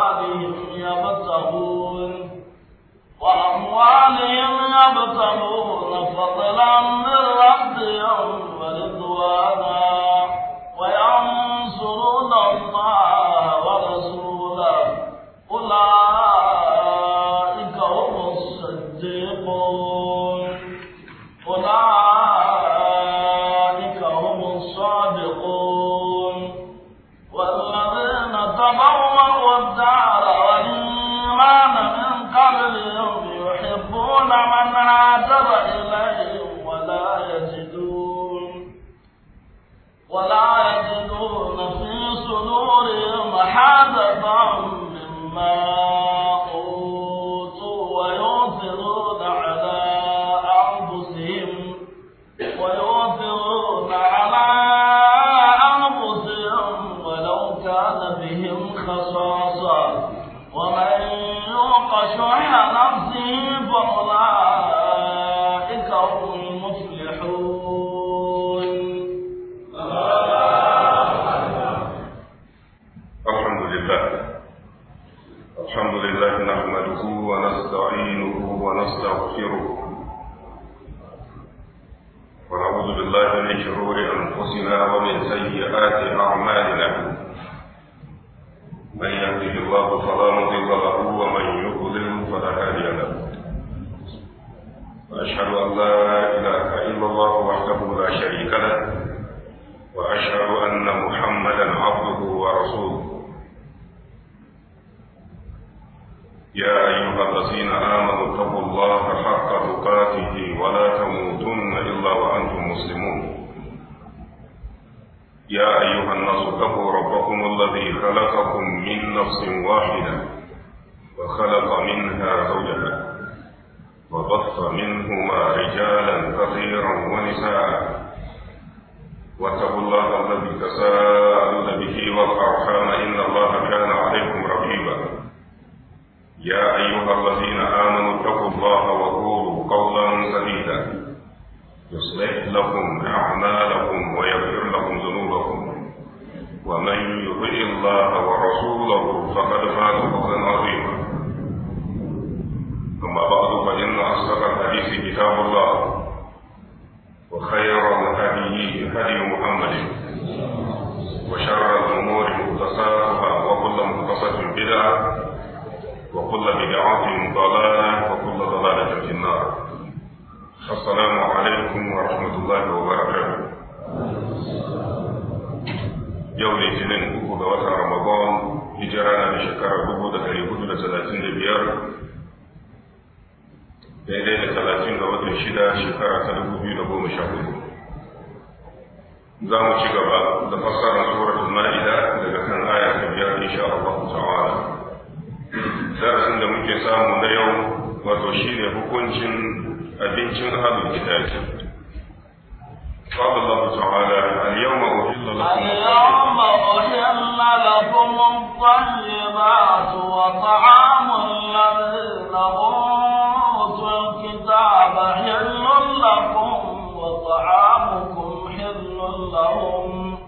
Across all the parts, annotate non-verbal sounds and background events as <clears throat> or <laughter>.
بأيمانهم يبتغون وأموالهم يبتغون فضلا من za mu ci gaba da fassarar suratul ma'ida daga kan aya ta biyar insha Allah ta'ala darasin da muke samu na yau wato shine hukuncin abincin ahlul kitabi قال الله تعالى اليوم أحل لكم اليوم أحل لكم الطيبات وطعام الذين أوتوا الكتاب حل لكم وطعام أنفسهم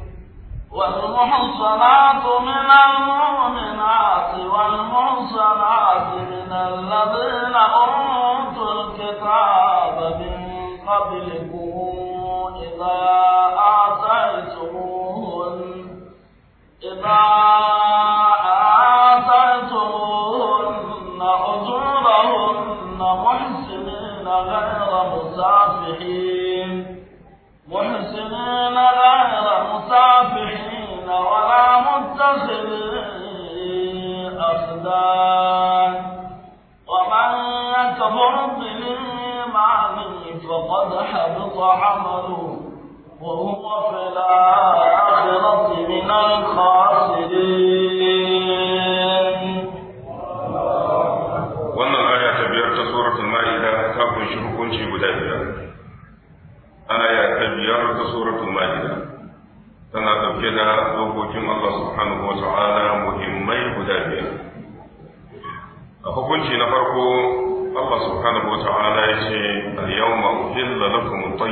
والمحصنات من المؤمنات والمحصنات من الذين أوتوا الكتاب من قبلكم إذا آتيتموهن إذا الصابحين ولا متخذ أخدان ومن يكفر بالإيمان فقد حبط عمله وهو في الآخرة من الخاسرين ومن آية بيرت سورة المائدة تاكن شركون شي بدايه أنا يا سورة المائدة tana ɗauke da dokokin Allah subhanahu wa ta'ala muhimmai guda biyar a hukunci na farko Allah subhanahu wa ta'ala ya ce al-yawma uhilla lakum at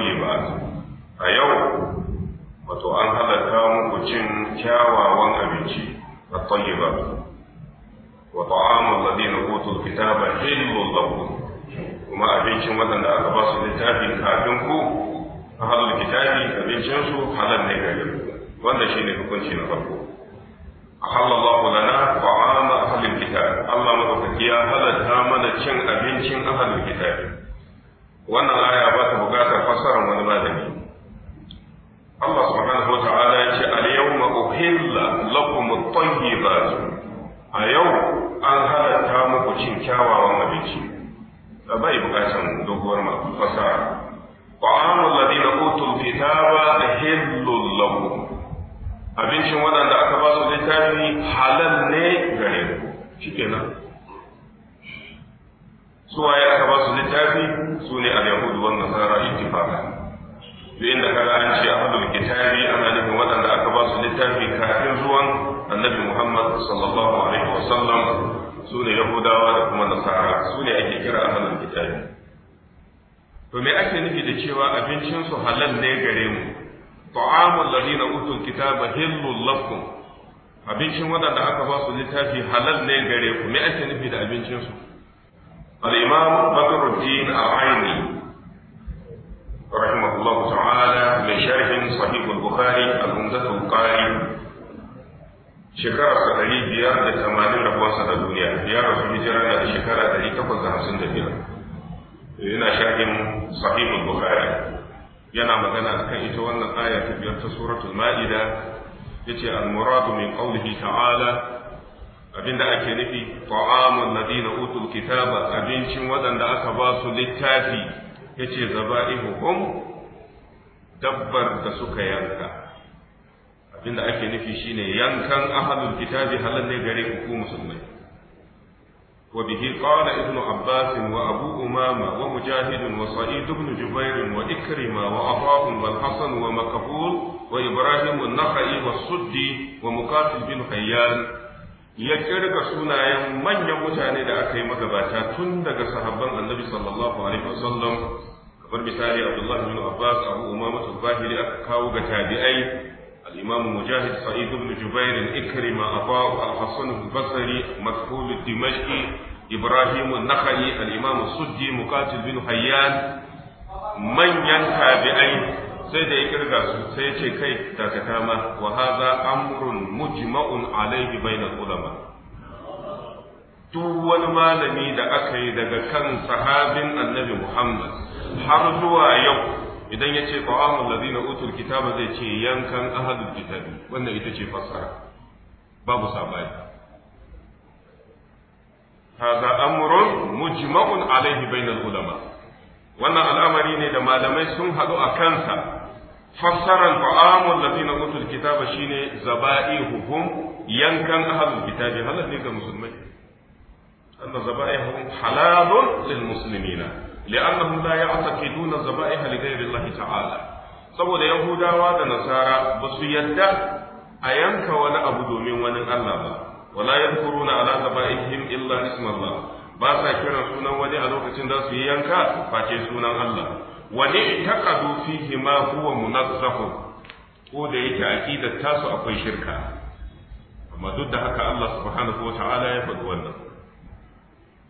a yau wato an halatta muku cin kyawawan abinci at-tayyibat wa ta'amul ladina utul kitaba hillul lakum kuma abincin waɗanda aka ba su littafin kafin ku ahlul kitabi abincin su halal ne gare ku wannan shi ne hukunci na farko ahallallahu lana ta'ama ahlil kitab Allah madaukaki ya halatta mana cin abincin ahlil kitab wannan aya ba ta bukatar fasara wani malami Allah subhanahu wata'ala ya ce al yawma uhilla lakum at-tayyibat a yau an halatta muku cin kyawawan abinci bai bukatar doguwar fasara ta'amul ladina utul kitaba ahillu lakum abincin waɗanda aka ba su littafi halal ne gare ku shikenan Su waye aka ba su littafi su ne al-yahudu wannan nasara ittifaqa duk inda kaga an ce ahlul kitabi ana nufin waɗanda aka ba su littafi kafin zuwan annabi Muhammad sallallahu alaihi wasallam su ne yahudawa da kuma nasara su ne ake kira ahlul kitabi to me ake nufi da cewa abincin su halal ne gare mu ta'amul ladina utul kitaba hillul lakum abincin wadanda aka ba su littafi halal ne gare ku me ake nufi da abincin su al-imam badruddin al-aini rahimahullahu ta'ala mai sharhin sahih al-bukhari al-umdah al-qari shekara ɗari biyar da tamanin rabuwarsa da duniya ya rasu hijira na da shekara ɗari takwas da hamsin da biyar yana sharhin sahih al-bukhari yana magana kan ita wannan aya ta biyar ta suratul ma'ida yace al-muradu min qawlihi ta'ala abinda ake nufi ta'amul ladina utul kitaba abincin waɗanda aka ba su littafi yace zaba'ihum dabbar da suka yanka abinda ake nufi shine yankan ahlul kitabi halalle gare ku musulmai وبه قال ابن عباس وأبو أمامة ومجاهد وصعيد بن جبير وإكرمة وأطاف والحسن ومكفول وإبراهيم النخعي والصدي ومقاتل بن حيان يكرك سنايا من يمتعني لأكي مكباتا تندق صحبا النبي صلى الله عليه وسلم kamar misali Abdullahi bin Abbas Abu Umama Tubahili aka kawo ga tabi'ai الإمام مجاهد سعيد بن جبير إكرم أباه الحسن البصري مكحول الدمشقي إبراهيم النخعي الإمام السدي مقاتل بن حيان من ينهى بأين sai da ya kirga su sai ce kai dakata ma wa amrun mujma'un alaihi ulama duk wani malami da aka yi daga kan sahabin annabi Muhammad har zuwa yau idan ya ce ta'amul ladina utul kitaba zai ce yankan ahadul kitabi wannan ita ce fassara babu sabani hadha amrun mujma'un alaihi bainal ulama wannan al'amari ne da malamai sun hadu a kansa fassaran ta'amul ladina utul kitaba shine zaba'ihuhum yankan ahadul kitabi halal ne ga musulmai anna zaba'ihuhum halalun lil muslimina li'annahum la ya'taqiduna zaba'iha li ghayri Allah ta'ala saboda yahudawa da nasara ba su yadda a yanka wani abu domin wani Allah ba wala yadhkuruna ala zaba'ihim illa ismallah ba sa kiran sunan wani a lokacin da su yi yanka face sunan Allah wani taqadu fihi ma huwa munazzahun ko da yake aqidar tasu akwai shirka amma duk da haka Allah subhanahu wa ta'ala ya faɗi wannan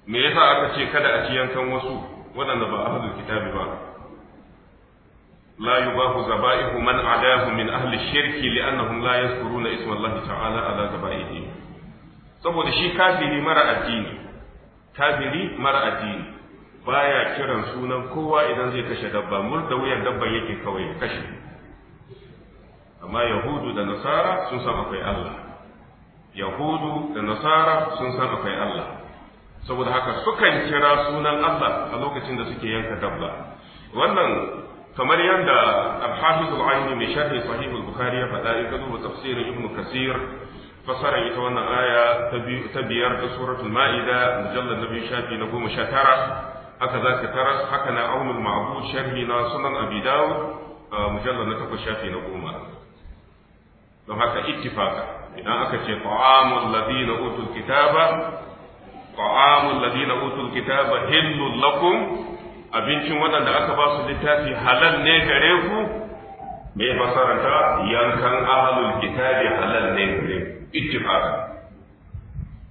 me yasa aka ce kada a ci yankan wasu waɗanda ba ahlul kitabi ba la yubahu zaba'ihu man adahu min ahli shirki li'annahum la yazkuruna isma Allah ta'ala ala zaba'ihi saboda shi kafiri mara addini kafiri mara addini baya kiran sunan kowa idan zai kashe dabba murda wuyan dabban yake kawai ya kashe amma yahudu da nasara sun san akwai Allah yahudu da nasara sun san akwai Allah saboda haka sukan kira sunan Allah a lokacin da suke yanka dabba wannan kamar yadda al-hafiz al-aini mai sharhi sahih al-bukhari ya faɗa in duba tafsirin ibn kasir fasara ita wannan aya ta biyar ta suratul ma'ida mujallad na biyu shafi na goma sha tara haka za ka tara haka na aunul ma'bud sharhi na sunan abi dawud mujallad na takwas shafi na goma don haka ittifaqa idan aka ce ta'amul ladina utul kitaba ta'amul ladina utul kitaba hillul lakum abincin waɗanda aka ba su littafi halal ne gare ku me fasaranta yankan ahlul kitabi halal ne gare ku ittifaq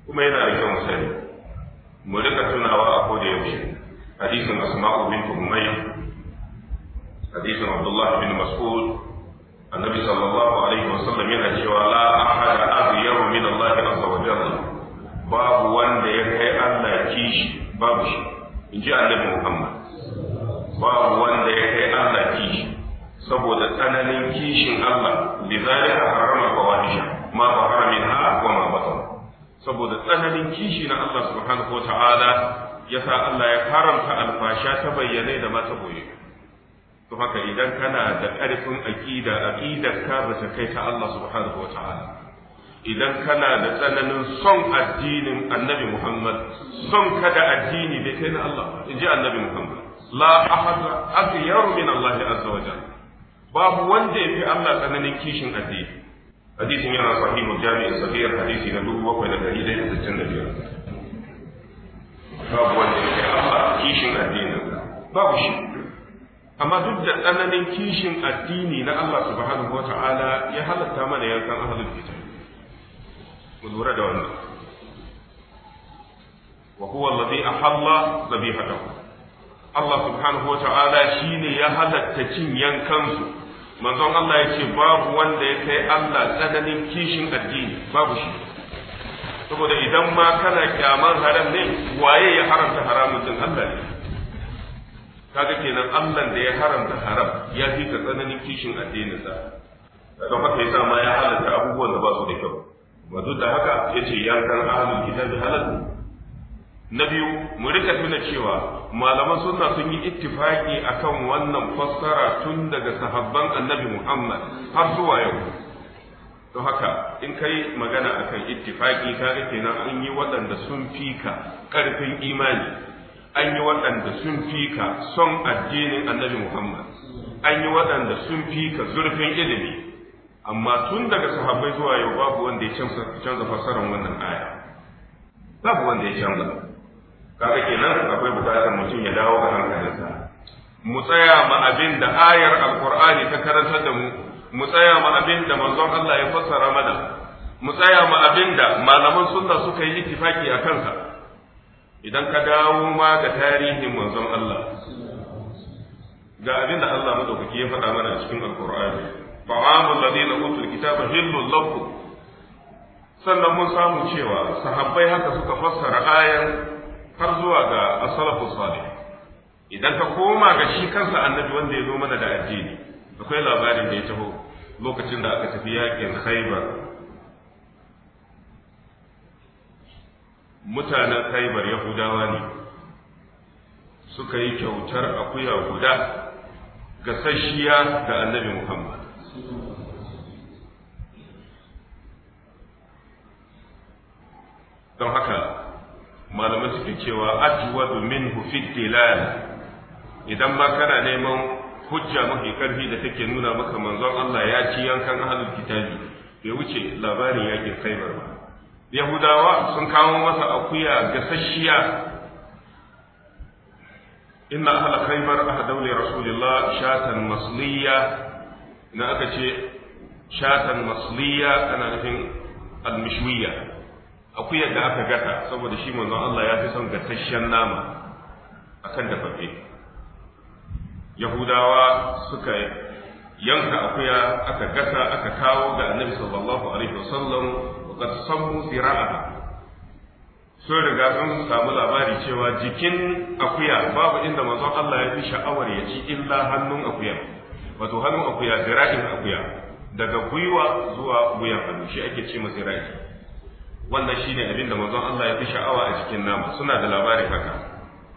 kuma yana da kyau sani mu rika tunawa a ko da yaushe hadisin asma'u bint umayr hadisin abdullah bin mas'ud annabi sallallahu alaihi wasallam yana cewa la ahada aghyaru min allah azza wa jalla babu wanda ya kai Allah kishi babu shi in ji annabi Muhammad babu wanda ya kai Allah kishi saboda tsananin kishin Allah lizalika harrama fawahisha ma bahara minha wa ma batana saboda tsananin kishi na Allah subhanahu wa ta'ala yasa Allah ya haramta alfasha ta bayyane da mata boye to haka idan kana da ƙarfin aqida aqidar ka ba ta kai ta Allah subhanahu wa ta'ala idan kana da tsananin son addinin annabi Muhammad son kada addini bai kai na Allah in ji annabi Muhammad la ahada akhyar min Allah azza wa jalla babu wanda yafi Allah tsananin kishin addini hadisin yana sahihu jami'i sahih hadisi na 7165 babu wanda yafi Allah kishin addini babu shi amma duk da tsananin kishin addini na Allah subhanahu wa ta'ala ya halatta mana yankan ahlul kitab ku lura da wannan wa huwa alladhi ahalla dhabihatahu Allah subhanahu wata'ala shine ya halatta cin yankansu manzon Allah ya ce babu wanda ya kai Allah tsananin kishin addini babu shi saboda idan ma kana kyaman haram ne waye ya haramta haramun din Allah ne kaga kenan Allah da ya haramta haram ya fi tsananin kishin Da don haka yasa ma ya halatta abubuwan da ba su da kyau ba duk da haka ya ce yankan ahalin kitabi halal na biyu mu rika tuna cewa malaman sunna sun yi ittifaqi akan wannan fassara tun daga sahabban annabi Muhammad har zuwa yau to haka in kai magana akan ka ga kenan an yi waɗanda sun fi ka ƙarfin imani an yi waɗanda sun fi ka son addinin annabi Muhammad an yi waɗanda sun fi ka zurfin ilimi amma tun daga sahabbai zuwa yau babu wanda ya canza fassarar wannan aya babu wanda ya canza kaga kenan akwai bukatar mutum ya dawo ga hankalinsa mu tsaya ma abin da ayar alqur'ani ta karantar da mu mu tsaya ma abin da manzon Allah ya fassara mana mu tsaya ma abin da malaman sunna suka yi ittifaki a kansa idan ka dawo ma ga tarihin manzon Allah ga abin da Allah madaukaki ya faɗa mana cikin alqur'ani ta'amul الذين utul الكتاب hillul لكم sannan mun samu cewa sahabbai haka suka fassara ayan har zuwa ga asalafu salih idan ka koma ga shi kansa annabi wanda ya zo mana da addini akwai labarin da ya taho lokacin da aka tafi yakin khaybar mutanen khaybar yahudawa ne suka yi kyautar akuya guda ga sashiya ga annabi muhammad don haka malamai suke cewa ajiwa domin fi dilal idan ma kana neman hujja mafi karfi da take nuna maka manzon Allah ya ci yankan ahlul kitabi bai wuce labarin yakin Khaibar ba Yahudawa sun kawo masa akuya gasasshiya inna ahla Khaibar ahdaw li rasulillah shatan masliya na aka ce shatan masliya ana nufin almishwiya akuyar da aka gata saboda shi manzon Allah ya fi son gatasshen nama akan dafaffe yahudawa suka yanka akuya aka gasa aka kawo ga annabi sallallahu alaihi wasallam wa qad sammu zira'aha sun riga sun samu labari cewa jikin akuya babu inda manzon Allah ya fi sha'awar ya ci illa hannun akuya wato hannun akuya zira'in akuya daga gwiwa zuwa wuyan hannu shi ake ce ma zira'i wannan shine abin da manzon Allah ya fi sha'awa a cikin nama suna da labarin haka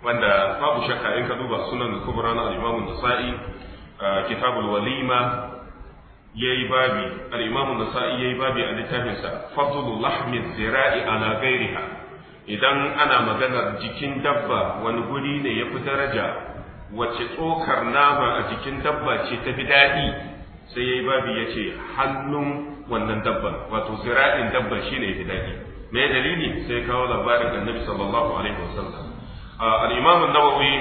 wanda babu shakka in ka duba sunan kubra na al-Imam Nasa'i kitabul walima yayi babi al-Imam Nasa'i yayi babi a littafinsa sa zira'i ala ghairiha idan ana maganar jikin dabba wani guri ne ya fi daraja wacce tsokar nama a jikin dabba ce ta fi daɗi sai yi babi yace hannun wannan dabban wato zira'in dabban shine yafi daɗi me dalili sai kawo labarin nabi sallallahu alaihi wasallam al-imam an-nawawi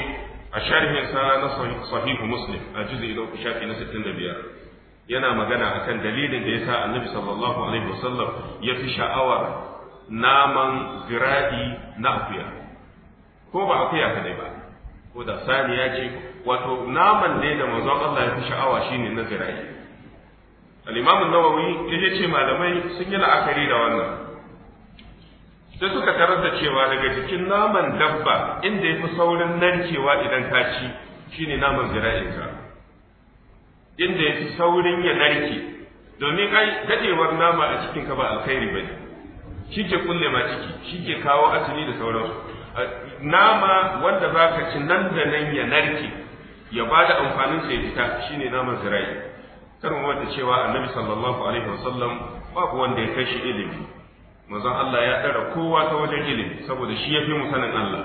a sharhin sa na sahih muslim a juz'i na shafi na 65 yana magana akan dalilin da yasa annabi sallallahu alaihi wasallam ya fi sha'awar naman zira'i na akuya ko ba akuya kadai ba ko da saniya ce wato naman ne da manzon Allah ya fi sha'awa shine na zira'i al-imam an-nawawi ya ce malamai sun yi la'akari da wannan sai suka karanta cewa daga jikin naman dabba inda ya fi saurin narkewa idan ka ci shine naman zira'inka inda ya fi saurin ya narke domin ai dadewar nama a cikin ka ba alkhairi ba ne shi ke kulle ma ciki shi ke kawo asini da sauransu nama wanda za ka ci nan da nan ya narke ya ba da amfaninsa ya fita shine naman zira'i kar mu manta cewa annabi sallallahu alaihi wasallam babu wanda ya kai shi ilimi manzon Allah ya tsara kowa ta wajen ilimi saboda shi yafi mu sanin Allah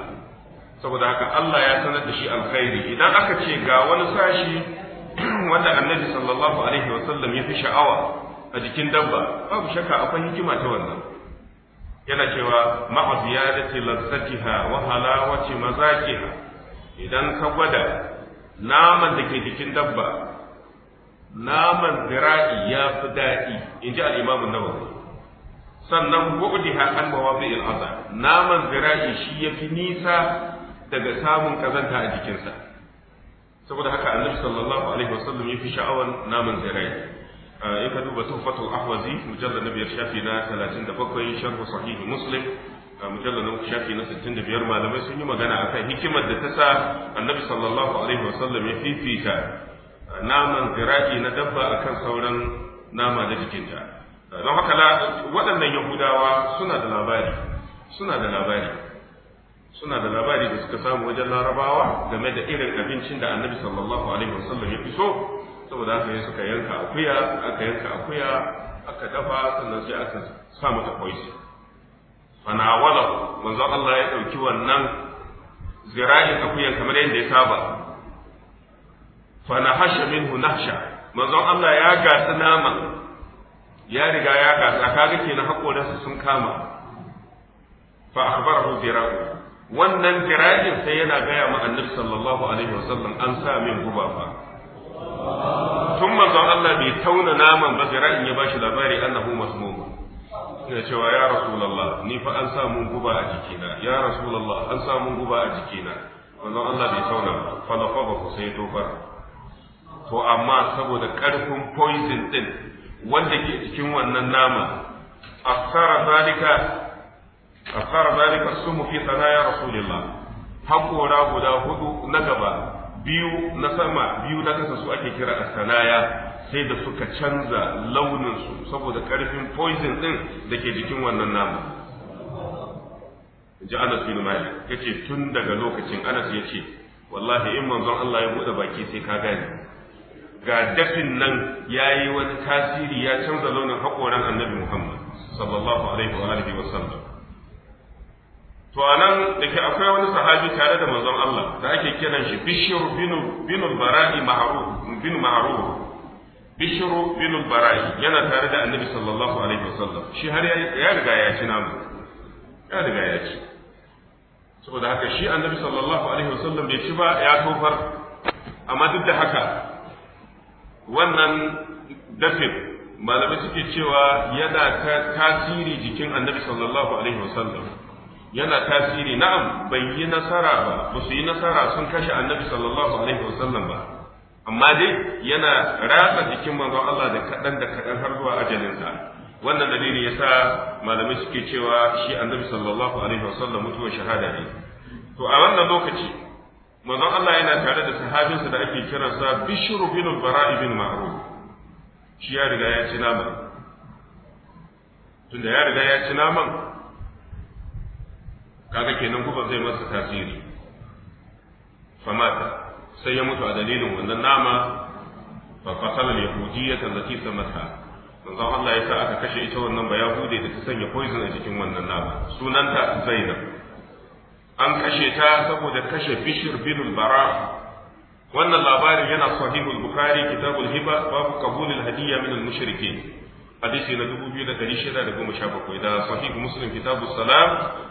saboda haka Allah ya sanar da shi alkhairi idan aka ce ga wani sashi <clears throat> wanda annabi sallallahu alaihi wasallam ya fi sha'awa a jikin dabba babu shakka akwai hikima ta wannan yana cewa ma'a ziyadati lazzatiha wa halawati mazaqiha idan ka gwada naman da ke jikin dabba naman zira'i ya fi daɗi in ji al'imamun nawawi sannan bu'diha an mawazi'il azab naman zira'i shi ya fi nisa daga samun kazanta a jikinsa saboda haka annabi sallallahu alaihi wasallam ya fi sha'awan naman zira'i uh, in ka duba tuhfatul ahwazi mujallal na biyar shafi na talatin da bakwai, sharh sahihi muslim uh, mujallal na shafi na sittin da biyar malamai sun yi magana akan hikimar da ta sa annabi sallallahu alaihi wasallam ya fifita naman zira'i na dabba akan sauran nama na jikinta don haka waɗannan yahudawa suna da labari suna da labari suna da labari da suka samu wajen larabawa game da irin abincin da annabi sallallahu alaihi wasallam ya fi so saboda haka ya suka yanka akuya aka yanka akuya aka dafa sannan sai aka sa mata poison fanawala manzo Allah ya dauki wannan zira'in akuya kamar yadda ya saba fa nahasha minhu nahsha manzon Allah ya gasa nama ya riga ya gasa kaga kenan hakoransa sun kama fa akhbarahu dirahu wannan dirajin sai yana gaya ma annabi sallallahu alaihi wasallam an sa min guba fa tun manzon Allah bai tauna naman ba zira'in ya bashi labari annahu masmum ya cewa ya rasulullah ni fa an sa mun guba a jikina ya rasulullah an sa mun guba a jikina manzon Allah bai tauna ba. fa ba ku sai tofar to amma saboda ƙarfin poison ɗin wanda ke cikin wannan nama a zalika asara zalika sumu fi sanaya rasulillah haƙora guda hudu na gaba biyu na sama biyu na kasa su ake kira asanaya sai da suka canza launinsu saboda ƙarfin poison ɗin da ke jikin wannan nama ji anas bin malik ce tun daga lokacin anas yace wallahi in manzon Allah ya bude baki sai ka gane ga dafin nan ya yi wani tasiri ya canza launin haƙoran annabi Muhammad sallallahu alaihi wa alihi wa sallam to anan da ke akwai wani sahabi tare da manzon Allah da ake kiran shi Bishr bin bin al-Bara'i Ma'ruf bin Ma'ruf Bishr bin al-Bara'i yana tare da annabi sallallahu alaihi wa sallam shi har ya riga ya ci namu ya riga ya ci saboda haka shi annabi sallallahu alaihi wa sallam bai ci ba ya tofar amma duk da haka wannan dafin malamai suke cewa yana tasiri jikin annabi sallallahu alaihi wasallam yana tasiri na'am bai yi nasara ba ba su yi nasara sun kashe annabi sallallahu alaihi wasallam ba amma dai yana ratsa jikin manzon Allah da kaɗan da kaɗan har zuwa sa wannan dalili yasa malamai suke cewa shi annabi sallallahu alaihi wasallam mutuwar shahada ne to a wannan lokaci manzon Allah yana tare da sahabinsa da ake kiransa Bishr bin al-Bara ibn Ma'ruf shi ya riga ya ci naman tunda ya riga ya ci naman kaga kenan kuma zai masa tasiri famata sai ya mutu a dalilin wannan nama fa qatala al-yahudiyyah allati samata manzon Allah ya sa aka kashe ita wannan ba da ta sanya poison a cikin wannan nama sunanta Zainab an kashe ta saboda kashe bishir bin bara wannan labarin yana al bukhari Kitab al hiba babu qabulul hadiyya min al-mushrikin hadisi na 2617 da sahih muslim kitabus salam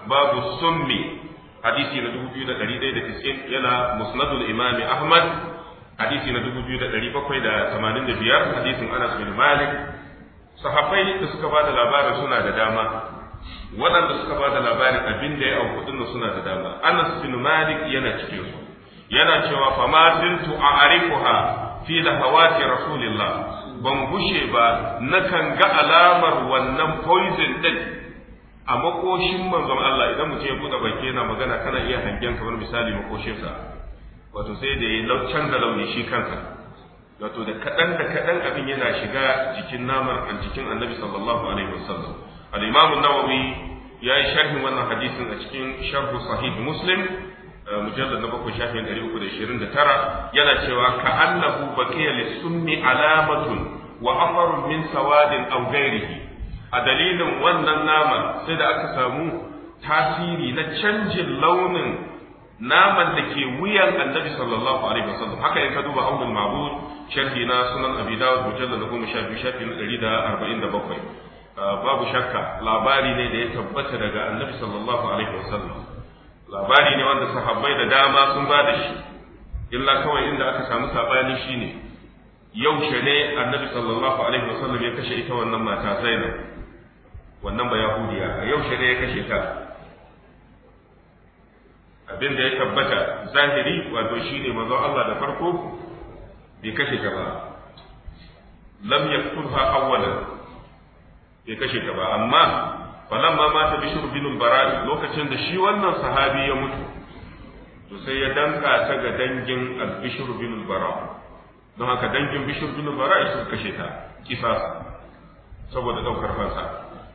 babu summi hadisi na 2190 yana musnadul imami ahmad hadisi na 2785 hadisin anas bin malik sahabbai da suka bada labarin suna da dama waɗanda suka ba da labarin abin da ya auku din suna da dama Anas bin Malik yana cikin su yana cewa fa ma zintu a'rifuha fi lahawati rasulillah ban gushe ba na kan ga alamar wannan poison din a makoshin manzon Allah idan mutum ya buɗe baki yana magana kana iya hangen kamar misali makoshinsa wato sai da ya canza launi shi kansa wato da kaɗan da kaɗan abin yana shiga jikin namar jikin annabi sallallahu alaihi wasallam al-imam nawawi ya yi sharhin wannan hadisin a cikin sharhu sahih muslim eh, mujallad na bakwai shafin ɗari uku da ishirin da tara yana cewa ka annahu baqiya lisummi alamatun wa afarun min sawadin aw a dalilin wannan naman sai da aka samu tasiri na canjin launin naman da ke wuyan annabi sallallahu alaihi wasallam haka in ka duba aunul mabud sharhi na na ɗari da arba'in da bakwai Ah, babu shakka labari ne da ya tabbata daga annabi sallallahu alaihi wasallam labari ne wanda sahabbai da dama sun ba da shi illa kawai inda aka samu sabani shine yaushe ne annabi sallallahu alaihi wasallam ya kashe ita wannan mata Zainab wannan ba yahudiya yaushe ne ya kashe ta abin da ya tabbata zahiri wato shine manzon Allah da farko bai kashe ta ba lam yaqtulha awwalan ya kashe ka ba amma falamma mata bishir bin bara'i lokacin da shi wannan sahabi ya mutu to sai ya danka ta ga dangin al-bishr bin bara don haka dangin bishir bin bara su kashe ta kisa saboda daukar fansa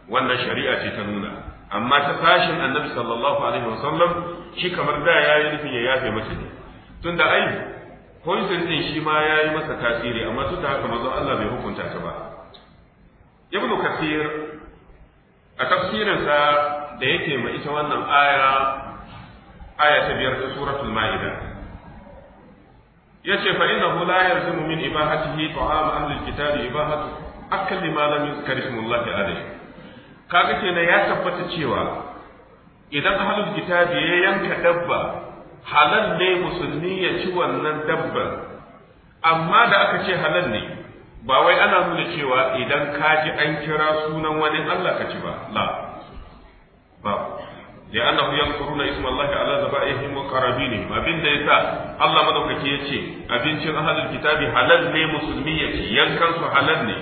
wannan shari'a ce ta nuna amma ta tashin annabi sallallahu alaihi wasallam shi kamar da yi nufin ya yafe mata ne tunda ai poison din shi ma yayi masa tasiri amma tunda haka manzon Allah bai hukunta ta ba ibnu kafir a tafsirinsa da yake ma ita wannan aya aya ta biyar ta suratul ma'ida yace fa innahu la yalzimu min ibahatihi ta'am ahli alkitabi ibahatu akal ma lam yuzkar ismullah alayhi kaga kenan ya tabbata cewa idan ahlul kitabi ya yanka dabba halal ne musulmi ya ci wannan dabban amma da aka ce halal ne ba wai ana nuna cewa idan ka ji an kira sunan wani Allah ka ci ba la ba ya hu yankuruna isma Allah ala zabaihim wa qarabini abin da yasa Allah madaukake yace abincin ahlul kitabi halal ne musulmi yace yankan su halal ne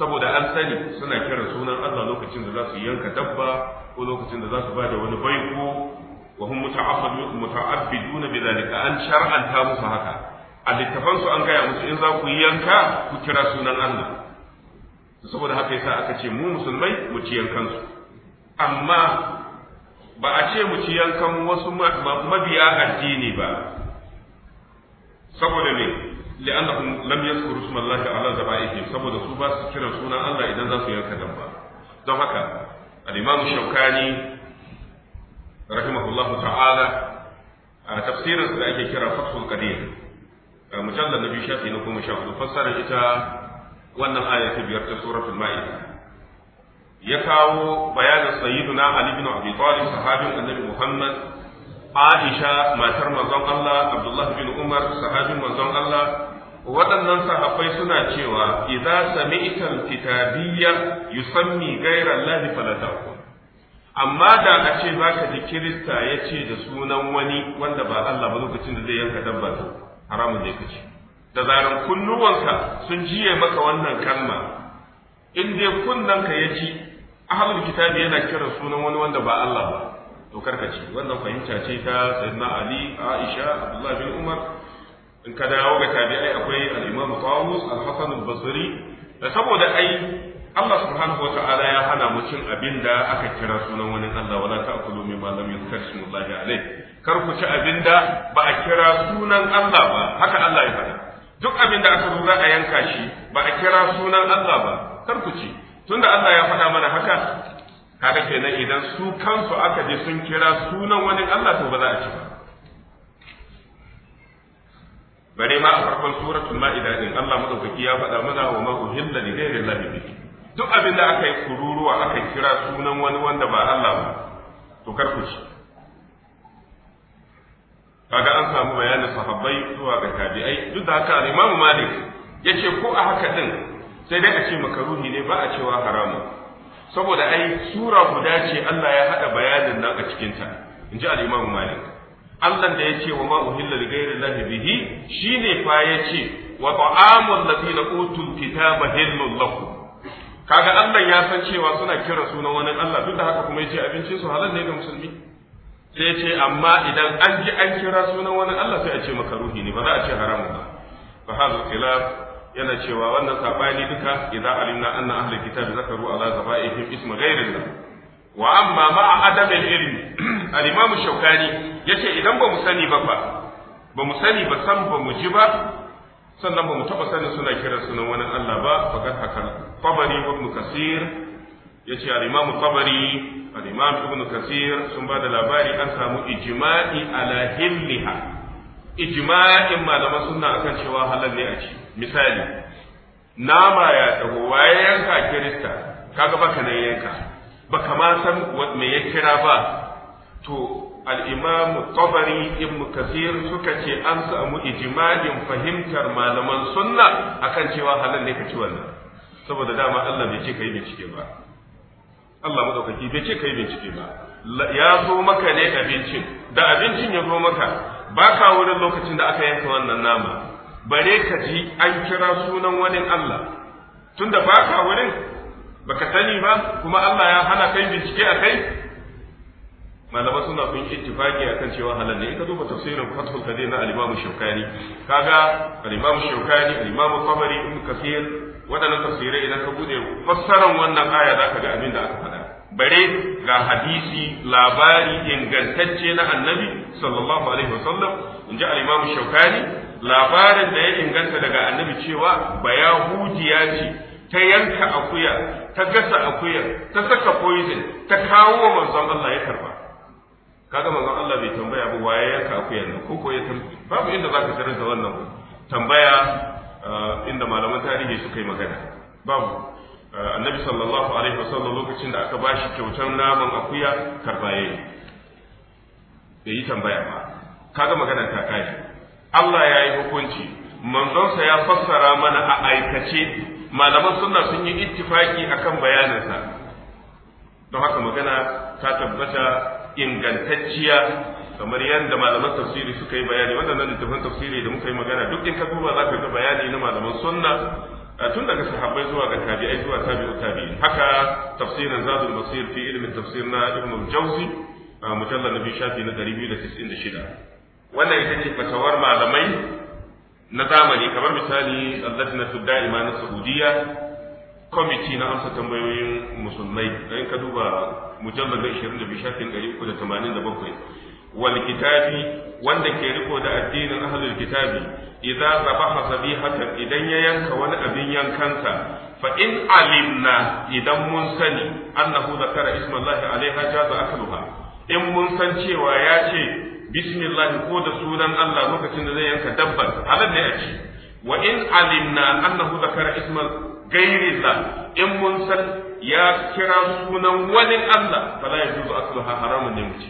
saboda an sani suna kiran sunan Allah lokacin da za su yanka dabba ko lokacin da za su bada wani baiko wa hum muta'abbiduna bi dhalika an shar'anta musu haka a littafansu an gaya musu in za ku yi yanka ku kira sunan Allah saboda haka yasa aka ce mu musulmai mu ci yankansu amma ba a ce mu ci yankan wasu mabiya addini ba saboda ne لأنهم lam يذكروا اسم Allah ala ذبائحهم saboda su ba su kira sunan Allah idan za su yanka dan ba. don haka al-Imam shaukani rahimahullahu ta'ala a tafsirinsu da ake kira Fathul Qadir mujallar na biyu shafi na goma sha fassara ita wannan aya biyar ta suratul ma'ida ya kawo bayanin sayyiduna ali bin abi talib sahabin annabi muhammad aisha matar manzon Allah abdullahi bin umar sahabin manzon Allah waɗannan sahabbai suna cewa idza sami'ta alkitabiyya yusammi ghayra gaira, ladi taqul amma da a ce zaka ji kirista yace da sunan wani wanda ba Allah ba lokacin da zai yanka dabbar haramun ne kace da zaran kunnuwanka sun jiye maka wannan kalma in dai kunnanka ya ji ahlul kitabi yana kiran sunan wani wanda ba Allah ba to ci wannan fahimta ce ta sayyidina Ali Aisha Abdullah bin Umar in ka dawo ga tabi'ai akwai al-Imam Tawus al-Hasan al-Basri saboda ai Allah subhanahu wa ya hana mu cin abin da aka kira sunan wani Allah wala ta'kulu mimma lam yuzkar ismullahi alayh kar ku ci abin da ba a kira sunan Allah ba haka Allah ya faɗa duk abin da aka zo a yanka shi ba a kira sunan Allah ba kar ku ci tunda Allah ya faɗa mana haka kaga kenan idan su kansu aka je sun kira sunan wani Allah to ba za a ci ba bare ma a farkon suratul ma'ida din Allah madaukaki ya faɗa mana wa ma uhilla li ghairi Allah bi duk abin da aka yi kururuwa aka kira sunan wani wanda ba Allah ba to kar ku ci kaga an samu bayanin sahabbai zuwa ga tabi'ai duk da haka imam Malik yace ko a haka din sai dai a ce makaruhi ne ba a cewa haramu saboda ai sura guda ce Allah ya hada bayanin nan a cikin ta inji al-Imam Malik Allah da yace wa ma uhilla li ghairi bihi shine fa yace wa ta'amul ladina utul kitaba halal lakum kaga Allah ya san cewa suna kira sunan wani Allah duk da haka kuma yace abincin su halal ne ga musulmi sai ce amma idan an ji an kira sunan wani Allah sai a ce maka ruhi ne ba za a ce haramun ba fa khilaf yana cewa wannan sabani duka idan alimna anna ahli kitab zakaru ala zabaihim isma ghairillah wa amma ma adam al-ilm <clears throat> al-imam shaukani yace idan ba mu sani ba fa ba mu sani ba san ba mu ji ba sannan ba mu taba sani suna kiran sunan wani Allah ba faqad hakal tabari ibn kasir yace al-Imam Tabari al-Imam Ibn Kathir sun ba da labari an samu ijima'i ala hilliha ijma'in malaman sunna akan cewa halal ne a ci misali nama ya dago waye yanka kirista kaga baka nan yanka baka ma san me ya kira ba to al-Imam Tabari Ibn Kathir suka ce an samu ijma'in fahimtar malaman sunna akan cewa halal ne ka ci wannan saboda dama Allah bai ce bai bincike ba Allah madaukaki bai ce kai bincike ba ya zo maka ne abincin da abincin ya zo maka ba ka wurin lokacin da aka yanka wannan nama bare ka ji an kira sunan wani Allah tunda ba ka wurin baka sani ba kuma Allah ya hana kai bincike a kai malama suna kun ittifaki akan cewa halal ne ka duba tafsirin Fathul kadir na al-Imam shaukani kaga al-Imam shaukani al-Imam Tabari Ibn Kathir waɗannan tafsirai idan ka bude fassaran wannan aya za ka ga abin da aka faɗa bare ga hadisi labari ingantacce na annabi sallallahu alaihi wasallam in ji al-imam shaukani labarin da ya inganta daga annabi cewa bayahudiya ce ta yanka akuya ta gasa akuya ta saka poison ta kawo wa manzon Allah ya karba kaga manzon Allah bai tambaya ba waye yanka akuyan nan ko ko ya tambaya babu inda zaka tarinta wannan tambaya inda malaman tarihi suka yi magana babu annabi sallallahu alaihi wasallam lokacin da aka ba shi kyautar naman akuya karba yayi yi tambaya ba kaga magana ta kai Allah ya yi hukunci manzonsa ya fassara mana a aikace malaman sunna sun yi ittifaki akan bayaninsa don haka magana ta tabbata ingantacciya kamar yadda malaman tafsiri suka yi bayani waɗannan littafin tafsiri da muka yi magana duk in ka duba za ka ga bayani na malaman sunna tun daga sahabbai zuwa ga tabi'ai zuwa tabi'u tabi'in haka tafsirin zadul basir fi ilmin tafsir na ibn al-jawzi mujallal nabi shafi na 296 wannan ita ce fatawar malamai na zamani kamar misali al-lajnatu da'ima na saudiya kwamiti na amsa tambayoyin musulmai da in ka duba mujallar na 22 shafin 387 wal kitabi wanda ke riko da addinin ahlul kitabi idza zabaha zabihatan idan ya yanka wani abin yankansa fa in alimna idan mun sani annahu zakara ismallahi alaiha jaza akluha in mun san cewa ya ce bismillah ko da sunan Allah lokacin da zai yanka dabba halal ne a ci wa in alimna annahu zakara ismal gairillah in mun san ya kira sunan wani Allah fala yajuzu akluha haramun ne mu ci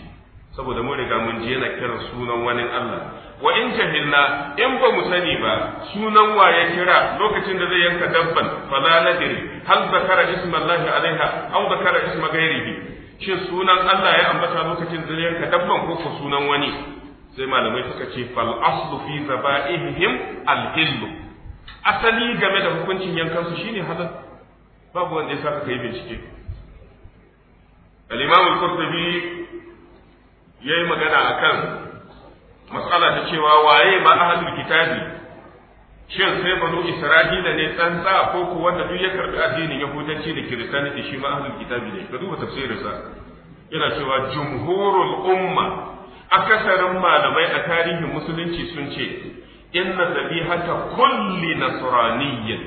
saboda mun riga mun ji yana kiran sunan wani Allah wa in jahilna in ba mu sani ba sunan wa kira lokacin da zai yanka dabban fala nadri hal zakara ismallahi alaiha aw zakara isma ghairihi shin sunan Allah ya ambata lokacin da zai yanka dabban ko ko sunan wani sai malamai suka ce fal aslu fi zaba'ihim al asali game da hukuncin yankan su shine hadan babu wanda ya saka kai bincike al-imam al-qurtubi yayi magana akan Matsala ta cewa waye ma ahlul kitabi shin sai banu isra'ila ne tsantsa ko ko wanda duk ya karbi addinin yahudanci da kiristanci shi ma ahlul kitabi ne ka duba tafsirinsa yana cewa jumhurul umma akasarin malamai a tarihin musulunci sun ce inna zabihata kulli nasraniyyin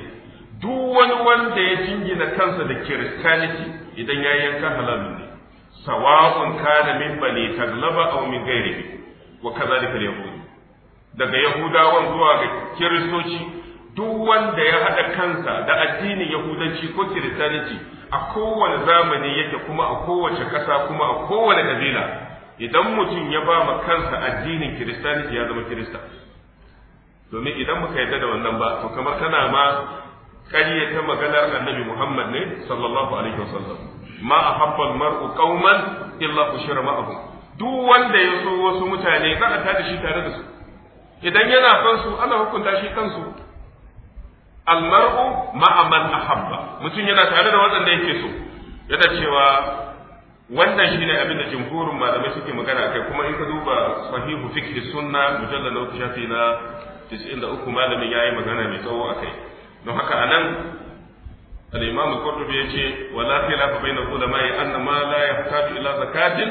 duk wani wanda ya jingina kansa da kiristanci idan ya yanka halalun sawa'un kana min bani taglaba aw min ghairihi wa kadhalika yahud daga yahudawan zuwa ga kiristoci duk wanda ya haɗa kansa da addinin yahudanci ko kiristanci a kowane zamani yake kuma a kowace kasa kuma a kowane kabila idan mutum ya ba ma kansa addinin kiristanci ya zama kirista domin idan muka yarda da wannan ba to kamar kana ma ƙaryata maganar annabi Muhammad ne sallallahu alaihi wasallam ma ahabba almar'u ƙauman illa ushira ma'ahum duk wanda ya so wasu mutane za a tada shi tare da su idan yana son su ana hukunta shi kansu almar'u ma'a man ahabba mutum yana tare da waɗanda yake so yana cewa wannan shine abin da jumhurin malamai suke magana kai kuma in ka duba sahihu fiqh sunna mujallal na shafi na 93 malamin yayi magana mai tsawo akai don haka anan al-imam al-qurtubi yace wala khilafa bainal ulama'i anna ma la yahtaju ila zakatin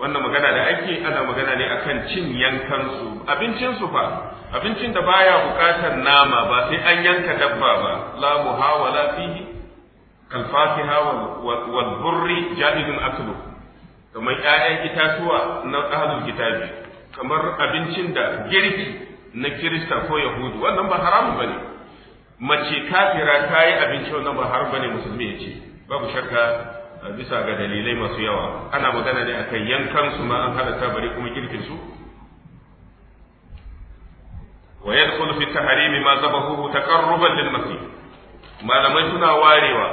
wannan magana da ake ana magana ne akan cin yankan su abincin su fa abincin da baya bukatar nama ba sai an yanka dabba ba la muhawala fihi kal fatiha wal burri ja'idun aklu kamar ƴaƴan itatuwa na ahlul kitabi kamar abincin da girki na kirista ko yahudu wannan ba haramun bane mace kafira ta yi abin kyau na ba har bane musulmi ya ce babu shakka bisa ga dalilai masu yawa ana magana ne akan yankan su ma an halatta bari kuma kirkin su wa yadkhulu fi tahrim ma zabahu taqarruban lil masi malamai suna warewa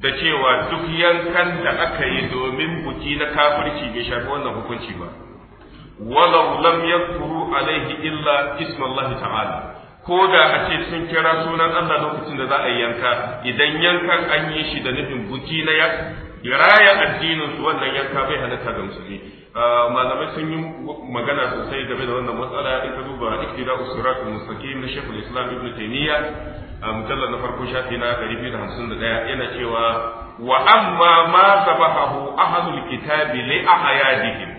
da cewa duk yankan da aka yi domin buki na kafirci bai shafi wannan hukunci ba walau lam yakfuru alaihi illa ismallahi ta'ala ko da a ce sun kira sunan Allah lokacin da za a yanka idan yankan an yi shi da nufin buki na ya raya addinin su wannan yanka bai halatta ga musulmi ah, malamai sun yi magana sosai game da wannan matsala in ka duba iktida usratul mustaqim na shaykhul islam ibn taymiya na farko shafi na ɗaya yana cewa wa amma ma sabahahu ahlul kitabi li ahyadihim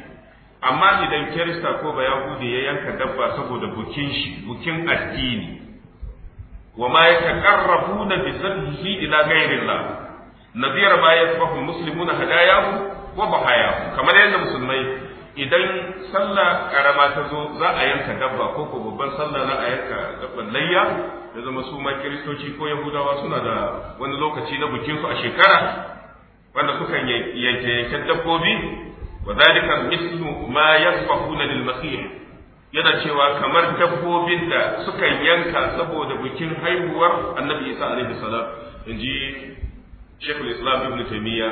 amma idan kirista ko ba yahudi ya yanka dabba saboda bukin shi bukin addini wa ma yataqarrabuna bi dhabhi ila ghayrillah nadira ma yasbahu muslimuna hadayahu wa bahayahu kamar yadda musulmai idan sallah karama ta zo za a yanka dabba ko ko babban sallah za a yanka dabban layya da zama su ma kiristoci ko yahudawa suna da wani lokaci na bukin su a shekara wanda kuka yanke yanke dabbobi wa zalika mislu ma yasfahuna lil masih yana cewa kamar dabbobin da suka yanka saboda bikin haihuwar annabi isa alaihi salam inji shekul islam ibn taymiya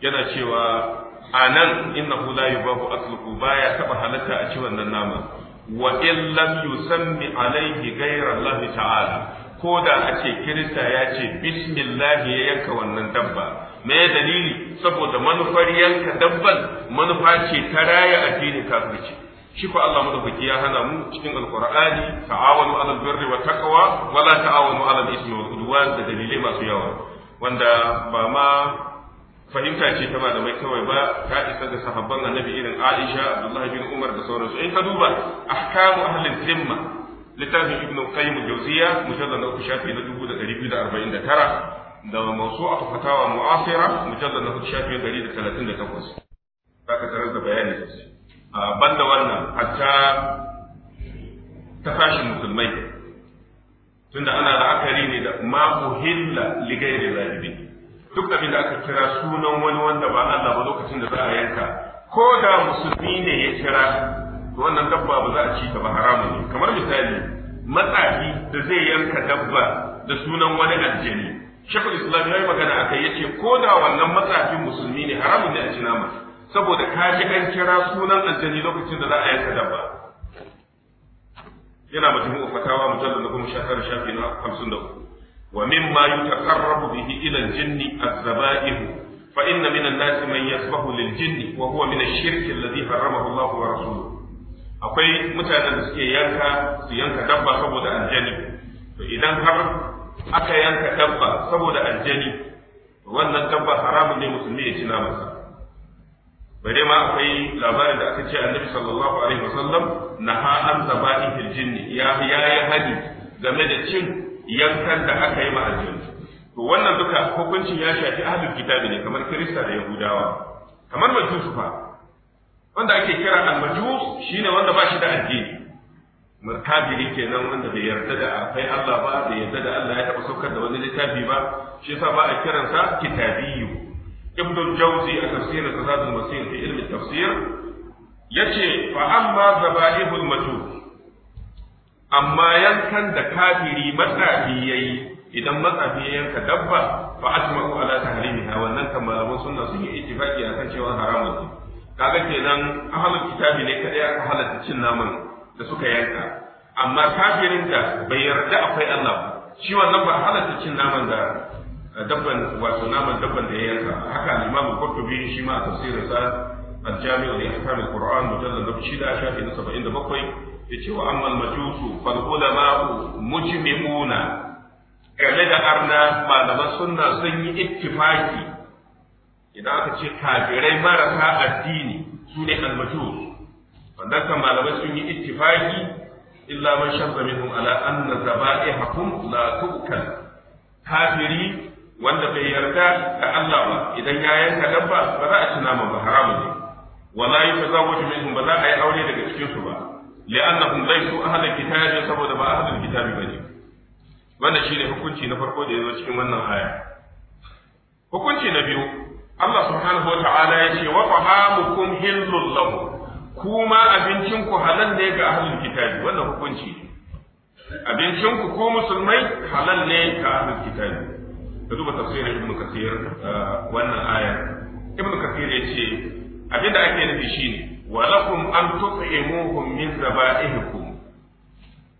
yana cewa anan innahu babu yubahu asluhu baya taɓa halatta a ci wannan nama wa in lam yusammi alaihi ghayra allah ta'ala ko da a kirista ya ce bismillah ya yanka wannan dabba me dalili saboda manufar yanka dabban manufa ce ta raya addinin kafirci shi ko Allah madaukaki ya hana mu cikin alqur'ani ta'awanu 'alal birri wa taqwa wa la ta'awanu 'alal ismi wal udwan da dalilai masu yawa wanda ba ma fahimta ce ta malamai kawai ba ta isa ga sahabban annabi irin Aisha Abdullah bin Umar da sauransu in ka duba ahkamu halin zimma littafin ibnu qayyim jawziya mujallal na uku shafi na 2249 da a fatawa mu'asira mujallad na shafi 138 zaka tarar da bayani sosai banda wannan hatta ta musulmai tunda ana la'akari ne da ma uhilla li ghairi zalibi duk abin da aka kira sunan wani wanda ba Allah ba lokacin da za a yanka ko da musulmi ne ya kira wannan dabba ba za a ci ta ba haramun ne kamar misali matsafi da zai yanka dabba da sunan wani aljani shekul islam ya yi magana a kai yace ko da wannan matsafin musulmi ne haramun ne a ci nama saboda ka ji an kira sunan aljani lokacin da za a yanka dabba yana mutum fatawa mujallar na goma sha tara shafi na hamsin da uku wa mimma yutaqarrabu bihi ila aljinni az-zabaihu فإن من الناس من يسبح للجن وهو من الشرك الذي حرمه الله Rasuluhu? akwai mutanen da suke yanka su yanka dabba saboda aljani to idan har aka yanka dabba saboda aljani wannan dabba haramun ne musulmi ya ci namansa bare ma akwai labarin da aka ce annabi sallallahu alaihi wasallam naha an zaba'ihil jinni ya yayi hadi game da cin yankan da aka yi ma aljani to wannan duka hukuncin ya shafi ahlul kitabi ne kamar kirista da yahudawa kamar majusufa wanda ake kira al-majus shine wanda ba shi da addini murkabiri kenan wanda bai yarda da akwai Allah ba bai yarda da Allah ya taba saukar da wani littafi ba shi yasa ba a kiransa kitabiyyu ibn al-jawzi a tafsirin zadul masir fi ilmi tafsir yace fa amma zabaihul matu amma yankan da kafiri matsafi yayi idan matsafi ya yanka dabba fa asma'u ala tahrimiha wannan kan malaman sunna sun yi ittifaqi akan cewa haramun kaga kenan ahlul kitabi ne kaɗai aka halatta cin naman da suka yanka amma kafirin da bai yarda akwai Allah ba shi wannan ba halatta cin naman da eh, dabban wato naman dabban da ya yanka haka al-Imam Qurtubi shi ma a tafsirin sa al-Jami' li Ahkam al-Qur'an mujallad da shafi 77 yace wa amma al-majusu fal ulama'u mujmi'una kalle da arna malaman sunna sun yi ittifaki idan aka ce kafirai marasa addini su ne al-majus wannan kan malamai sun yi ittifaki illa man shadda minhum ala anna zabaihakum la tukal kafiri wanda bai yarda da Allah ba idan ya yanka dabba ba za a ci naman ba haramu ne wala yatazawwaju minhum ba za a yi aure daga cikin su ba li'annahum laysu ahlul kitabi saboda ba ahlul kitabi bane wannan ne hukunci na farko da yazo cikin wannan aya hukunci na biyu Allah subhanahu wa ta'ala ya ce wa fahamukum hillul lahu kuma abincinku halal ne ga ahlul kitabi wannan hukunci Abincin abincinku ko musulmai halal ne ga ahlul kitabi ka duba tafsirin ibnu kathir uh, wannan aya ibnu kathir yace abinda ake nufi shine wa lakum an tut'imuhum min zaba'ihikum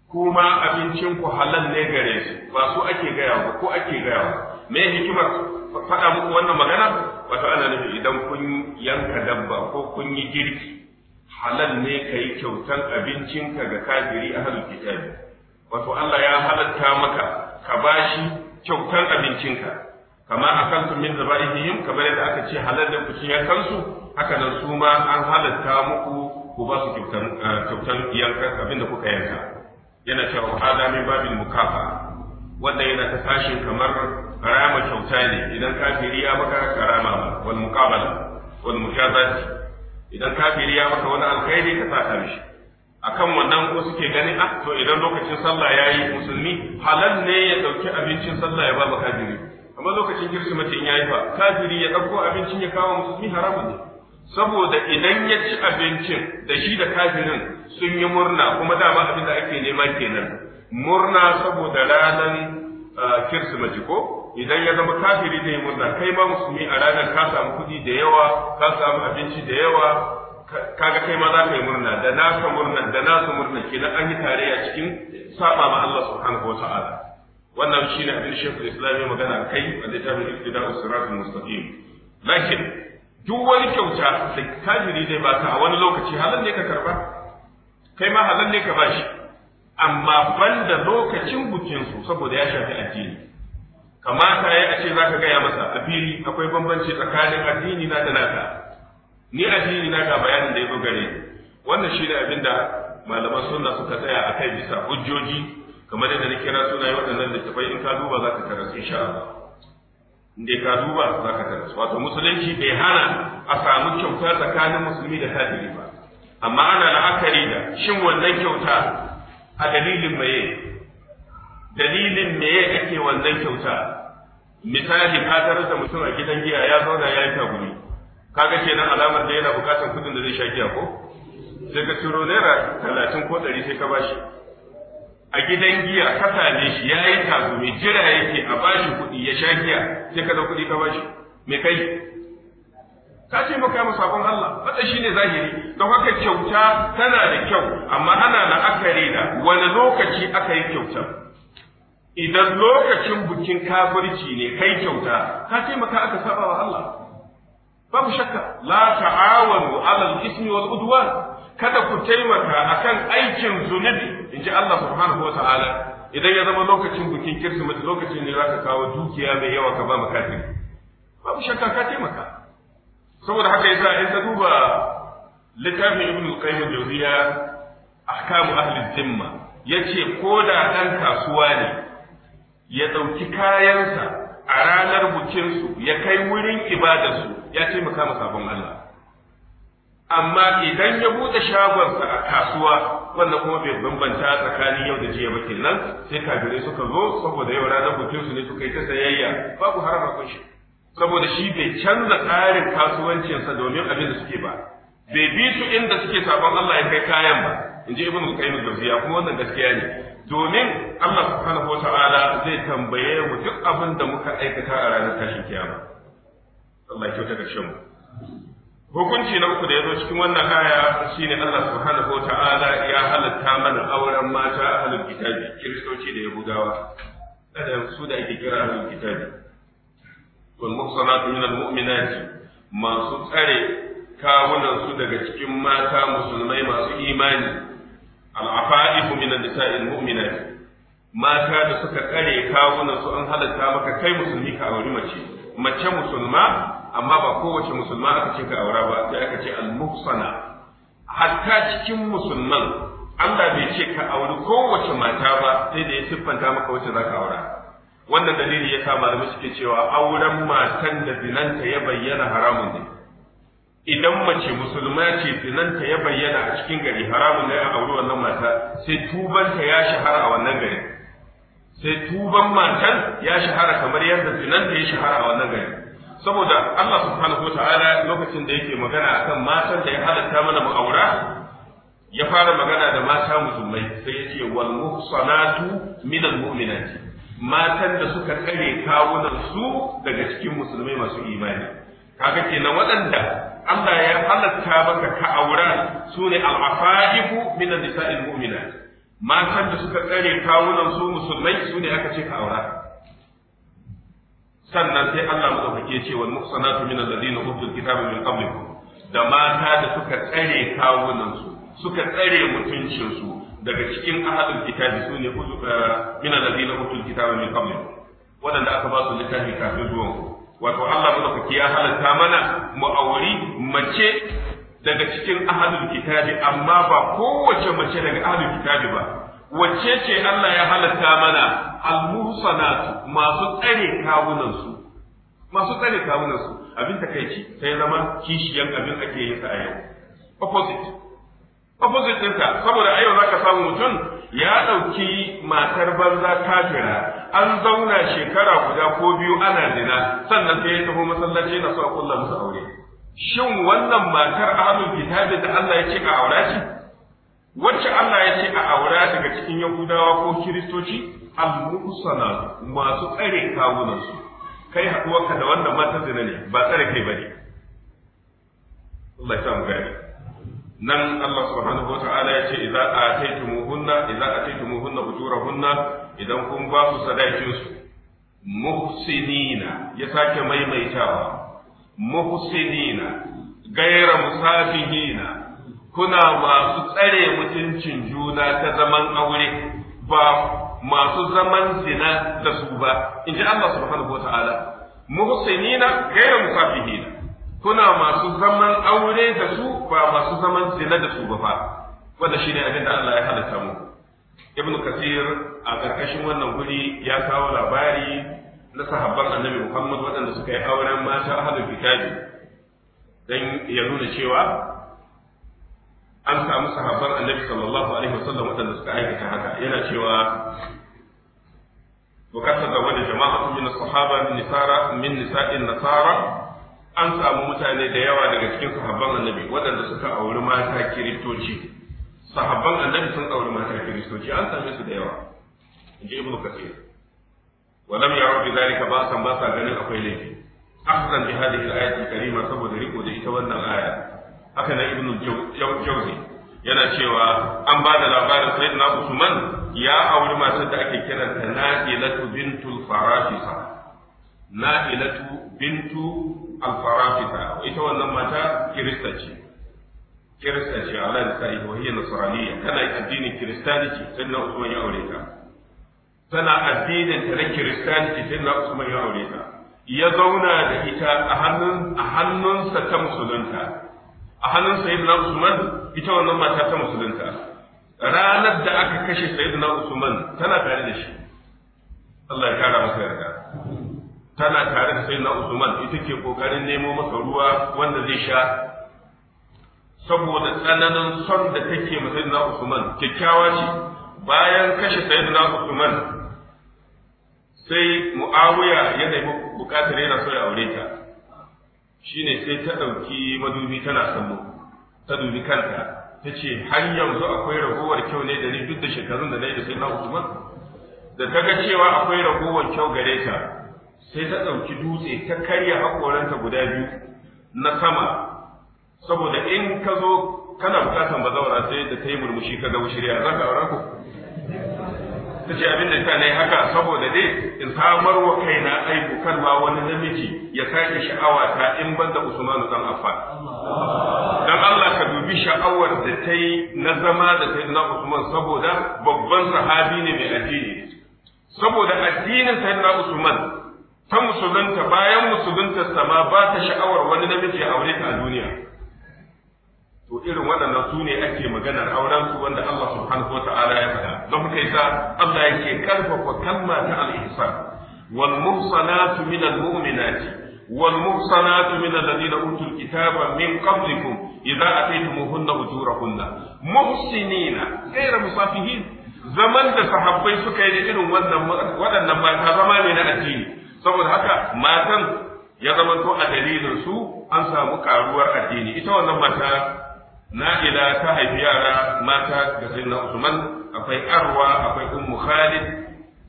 kuma abincinku halal ne gare su ba su ake gaya ba ko ake gaya ba me hikimar faɗa muku wannan magana wato ana nufi idan kun yanka dabba ko kun yi girki halal ne ka yi kyautan abincinka ga kafiri a halin kitabi wato Allah ya halatta maka ka bashi kyautan abincinka kamar a kansu min zaba'ihim kamar yadda aka ce halal da kuci ya kansu haka nan su ma an halatta muku ku ba su kyautan ah, yankan abin da kuka yanka yana cewa hada min babin mukafa wanda yana ta sashin kamar rama kyauta ne idan kafiri ya maka karama wal muqabala wal mushazati idan kafiri ya maka wani alkhairi ka saka mishi akan wannan ko suke ganin a? Ah, to idan lokacin sallah yayi musulmi halal ne ya dauki abincin sallah ya ba ba kafiri amma lokacin ya yayi fa kafiri ya dauko abincin ya kawo musulmi haramun ne saboda idan ya ci abincin da shi da kafirin sun yi murna kuma dama abin da ake nema kenan murna saboda ranar ah, kirsimaci ko idan ya zama kafiri zai murna kai ma musulmi a ranar ka samu kuɗi da yawa ka samu abinci da yawa kaga kai ma za ka yi murna da na ka murna da nasu murna kenan an yi tarayya cikin saba ma Allah subhanahu wata'ala wannan shine abin da Sheikhul Islam ya magana kai a littafin ibtida usratul Mustaqim lakin duk wani kyauta da kafiri zai baka a wani lokaci halal ne ka karba kai ma halal ne ka bashi amma banda lokacin bukin su saboda ya shafi addini amma ya a ce za ka gaya masa a fili akwai bambanci tsakanin addini na da naka ni addini na ga bayanin da ya zo gare wannan shi ne abin da malaman sunna suka tsaya a kai bisa hujjoji kamar yadda na kira yi waɗannan littafai in ka duba za ka karasu sha Allah in dai ka duba za ka karasu wato musulunci bai hana a samu kyauta tsakanin musulmi da kafiri ba amma ana la'akari da shin wannan kyauta a dalilin maye dalilin meye ake wannan kyauta misali ka tarar da mutum a gidan giya ya zauna ya yi tagumi kaga kenan alamar da yana bukatar kudin da zai sha giya ko sai ka turo naira talatin ko ɗari sai ka bashi a gidan giya ka same shi ya yi tagumi jira yake a bashi kuɗi ya sha giya sai ka da kuɗi ka bashi me kai ka ce maka yamma sabon Allah shi ne zahiri don haka kyauta tana da kyau amma ana la'akari da wani lokaci aka yi kyauta. idan lokacin bukin kafirci ne kai kyauta ka taimaka aka saba wa Allah babu shakka la ta'awanu 'alal ismi wal udwan kada ku taimaka akan aikin zunubi inji Allah subhanahu wa ta'ala idan ya zama lokacin bukin kirsimeti lokacin ne zaka kawo dukiya mai yawa ka ba mu kafiri babu shakka ka taimaka saboda haka yasa in ka duba littafin ibn qayyim al-jawziya ahkamu ahli dhimma yace ko da dan kasuwa ne ya ɗauki kayansa a ranar bukinsu ya kai wurin ibadarsu ya taimaka ma sabon Allah amma idan ya buɗe shagonsa a kasuwa wannan kuma bai bambanta tsakanin yau da jiya ba kenan sai kafirai suka zo saboda yau ranar bukinsu ne suka yi ta sayayya babu haramar kunshi saboda shi bai canza tsarin kasuwancinsa domin abin da suke ba bai bi su inda suke sabon Allah ya kai kayan ba in ji ibn qayyim al kuma wannan gaskiya ne domin Allah subhanahu wa ta'ala zai tambaye mu duk abin da muka aikata a ranar tashin kiyama Allah kyauta da mu. hukunci na uku da ya zo cikin wannan aya shine Allah subhanahu wa ta'ala ya halatta mana auren mata ahlul kitabi kiristoci da yahudawa kada su da ake kira ahlul kitabi wal muhsanatu min al mu'minati masu tsare kawunan su daga cikin mata musulmai masu imani al'afa'ifu min nisa'il mu'minat mata da suka kare kawunan su an halatta maka kai musulmi ka auri mace mace musulma amma ba kowace musulma aka ce ka aura ba sai aka ce al-muhsana hatta cikin musulman Allah bai ce ka auri kowace mata ba sai da ya siffanta maka wacce za ka aura wannan dalili ya sa malamai suke cewa auren matan da zinanta ya bayyana haramun ne idan mace musulma ce zinanta ya bayyana a cikin gari haramun ne a auri wannan mata sai tubanta ya shahara a wannan gari sai tuban matan ya shahara kamar yadda zinanta ya shahara a wannan gari saboda Allah subhanahu wataala lokacin da yake magana akan matan da ya halatta mana mu aura ya fara magana da mata musulmai sai ya ce wal muhsanatu al mu'minat matan da suka tsare kawunan su daga cikin musulmai masu imani kaga kenan waɗanda Allah ya halatta maka ka aura su ne al'afa'ifu min nisa'il mu'mina matan da suka tsare kawunan su musulmai su ne aka ce ka aura sannan sai Allah madaukake ce cewa muhsanatu min alladhina hutun kitaba min qablikum da mata da suka tsare kawunan su suka tsare mutuncin su daga cikin ahadul kitabi su ne uh, min alladhina hutun kitaba min qablikum wadanda aka ba su littafi kafin zuwan ku wato Allah madaukaki ya halatta mana mu auri mace daga cikin ahlul kitabi amma ba kowace mace daga ahlul kitabi ba wacce ce Allah ya halatta mana al almuhsanatu masu tsare kawunan su. masu tsare kawunan su. abin takeici sai zama kishiyan abin ake yi a yau opposite opposite ɗinta saboda a yau za ka samu mutum ya ɗauki matar banza kafira an zauna shekara guda ko biyu ana zina sannan sai ya tafi masallaci na so a su aure shin wannan matar ahlul kitabi da Allah ya ce a aura ce wacce Allah ya ce a aura daga cikin yahudawa ko kiristoci al-muhsana masu tsare kawunansu kai haɗuwarka da wannan matar zina ne ba tsare kai bane Allah ya samu gani nan Allah subhanahu ta'ala ya ce idza ataytumuhunna idza ataytumuhunna ujurahunna idan kun ba su sadakin su muhsinina ya sake maimaitawa muhsinina gaira musafihina kuna masu tsare mutuncin juna ta zaman aure ba masu zaman zina da su ba in ji Allah subhanahu ta'ala. muhsinina gaira musafihina kuna masu zaman aure da su ba masu zaman zina da su ba fa wanda shine abin da Allah ya halatta mu ibn kasir a karkashin wannan guri ya kawo labari na sahabban annabi Muhammad waɗanda suka yi auren mata ahlul kitabi dan ya nuna cewa an samu sahabban annabi sallallahu alaihi wasallam waɗanda suka aikata haka yana cewa وقد تزوج جماعة من الصحابة من نساء min نساء النصارى an samu mutane da yawa daga cikin sahabban annabi waɗanda suka auri mata kiristoci sahabban annabi sun auri mata kiristoci an same su da yawa in ji ibnu kasir lam ya'ud bi zalika basan san ba sa ganin akwai laifi akhzan bi hadhihi al-ayati karima saboda riko da ita wannan aya haka nan ibnu jawzi yana cewa an ba da labarin sayyidina usman ya auri matar da ake kiranta na'ilatu bintul farafisa na'ilatu bintu al-farafita ita wannan mata kirista ce kirista ce ala da sa'i wa hiya nasraniyya tana addinin kiristanci sai na Usman ya aure ta tana addinin ta na kiristanci sai na Usman ya aure ta ya zauna da ita a hannun a hannunsa ta musulunta a hannun sayyidina Usman ita wannan mata ta musulunta ranar da aka kashe sayyidina Usman tana tare da shi Allah ya kara masa yarda tana tare da na Usman ita ke kokarin nemo masa ruwa wanda zai sha saboda tsananin son da take ma na Usman kyakkyawa ce bayan kashe na Usman sai Muawiya ya nemi bukatar yana so ya aure ta shine sai ta dauki madubi tana sallo ta dubi kanta ta ce har yanzu akwai ragowar kyau ne da ni duk da shekarun da na yi da na Usman da ta ga cewa akwai ragowar kyau gare ta sai ta ɗauki dutse ta karya haƙoranta guda biyu na sama saboda in ka zo kana bukatan bazawara sai da ta yi murmushi ka ga shirya za ka aura ku ta ce abin da ta ne haka saboda dai in samar wa kaina aibu kan ma wani namiji ya sake sha'awa ta in ban da Usman dan Affan dan Allah ka dubi sha'awar da ta yi na zama da sai na Usman saboda babban sahabi ne mai addini saboda addinin sai na Usman ta musulunta bayan musuluntarsa ma ba ta sha'awar wani namiji a aure ta a duniya to irin waɗannan su ne ake maganar auren su wanda Allah subhanahu wa ta'ala ya faɗa don kuka yasa Allah ke karfafa kalma ta al-ihsan wal muhsanatu min al-mu'minati wal muhsanatu min alladhina utul kitaba min qablikum idza ataytumuhunna ujurahunna muhsinina ghayra musafihin zaman da sahabbai suka yi irin wannan waɗannan mata zama ne na addini saboda haka matan ya zama zamanto a dalilin su an samu karuwar addini ita wannan mata na'ila ta haifi yara mata ga sayyidina Usman akwai Arwa akwai Ummu Khalid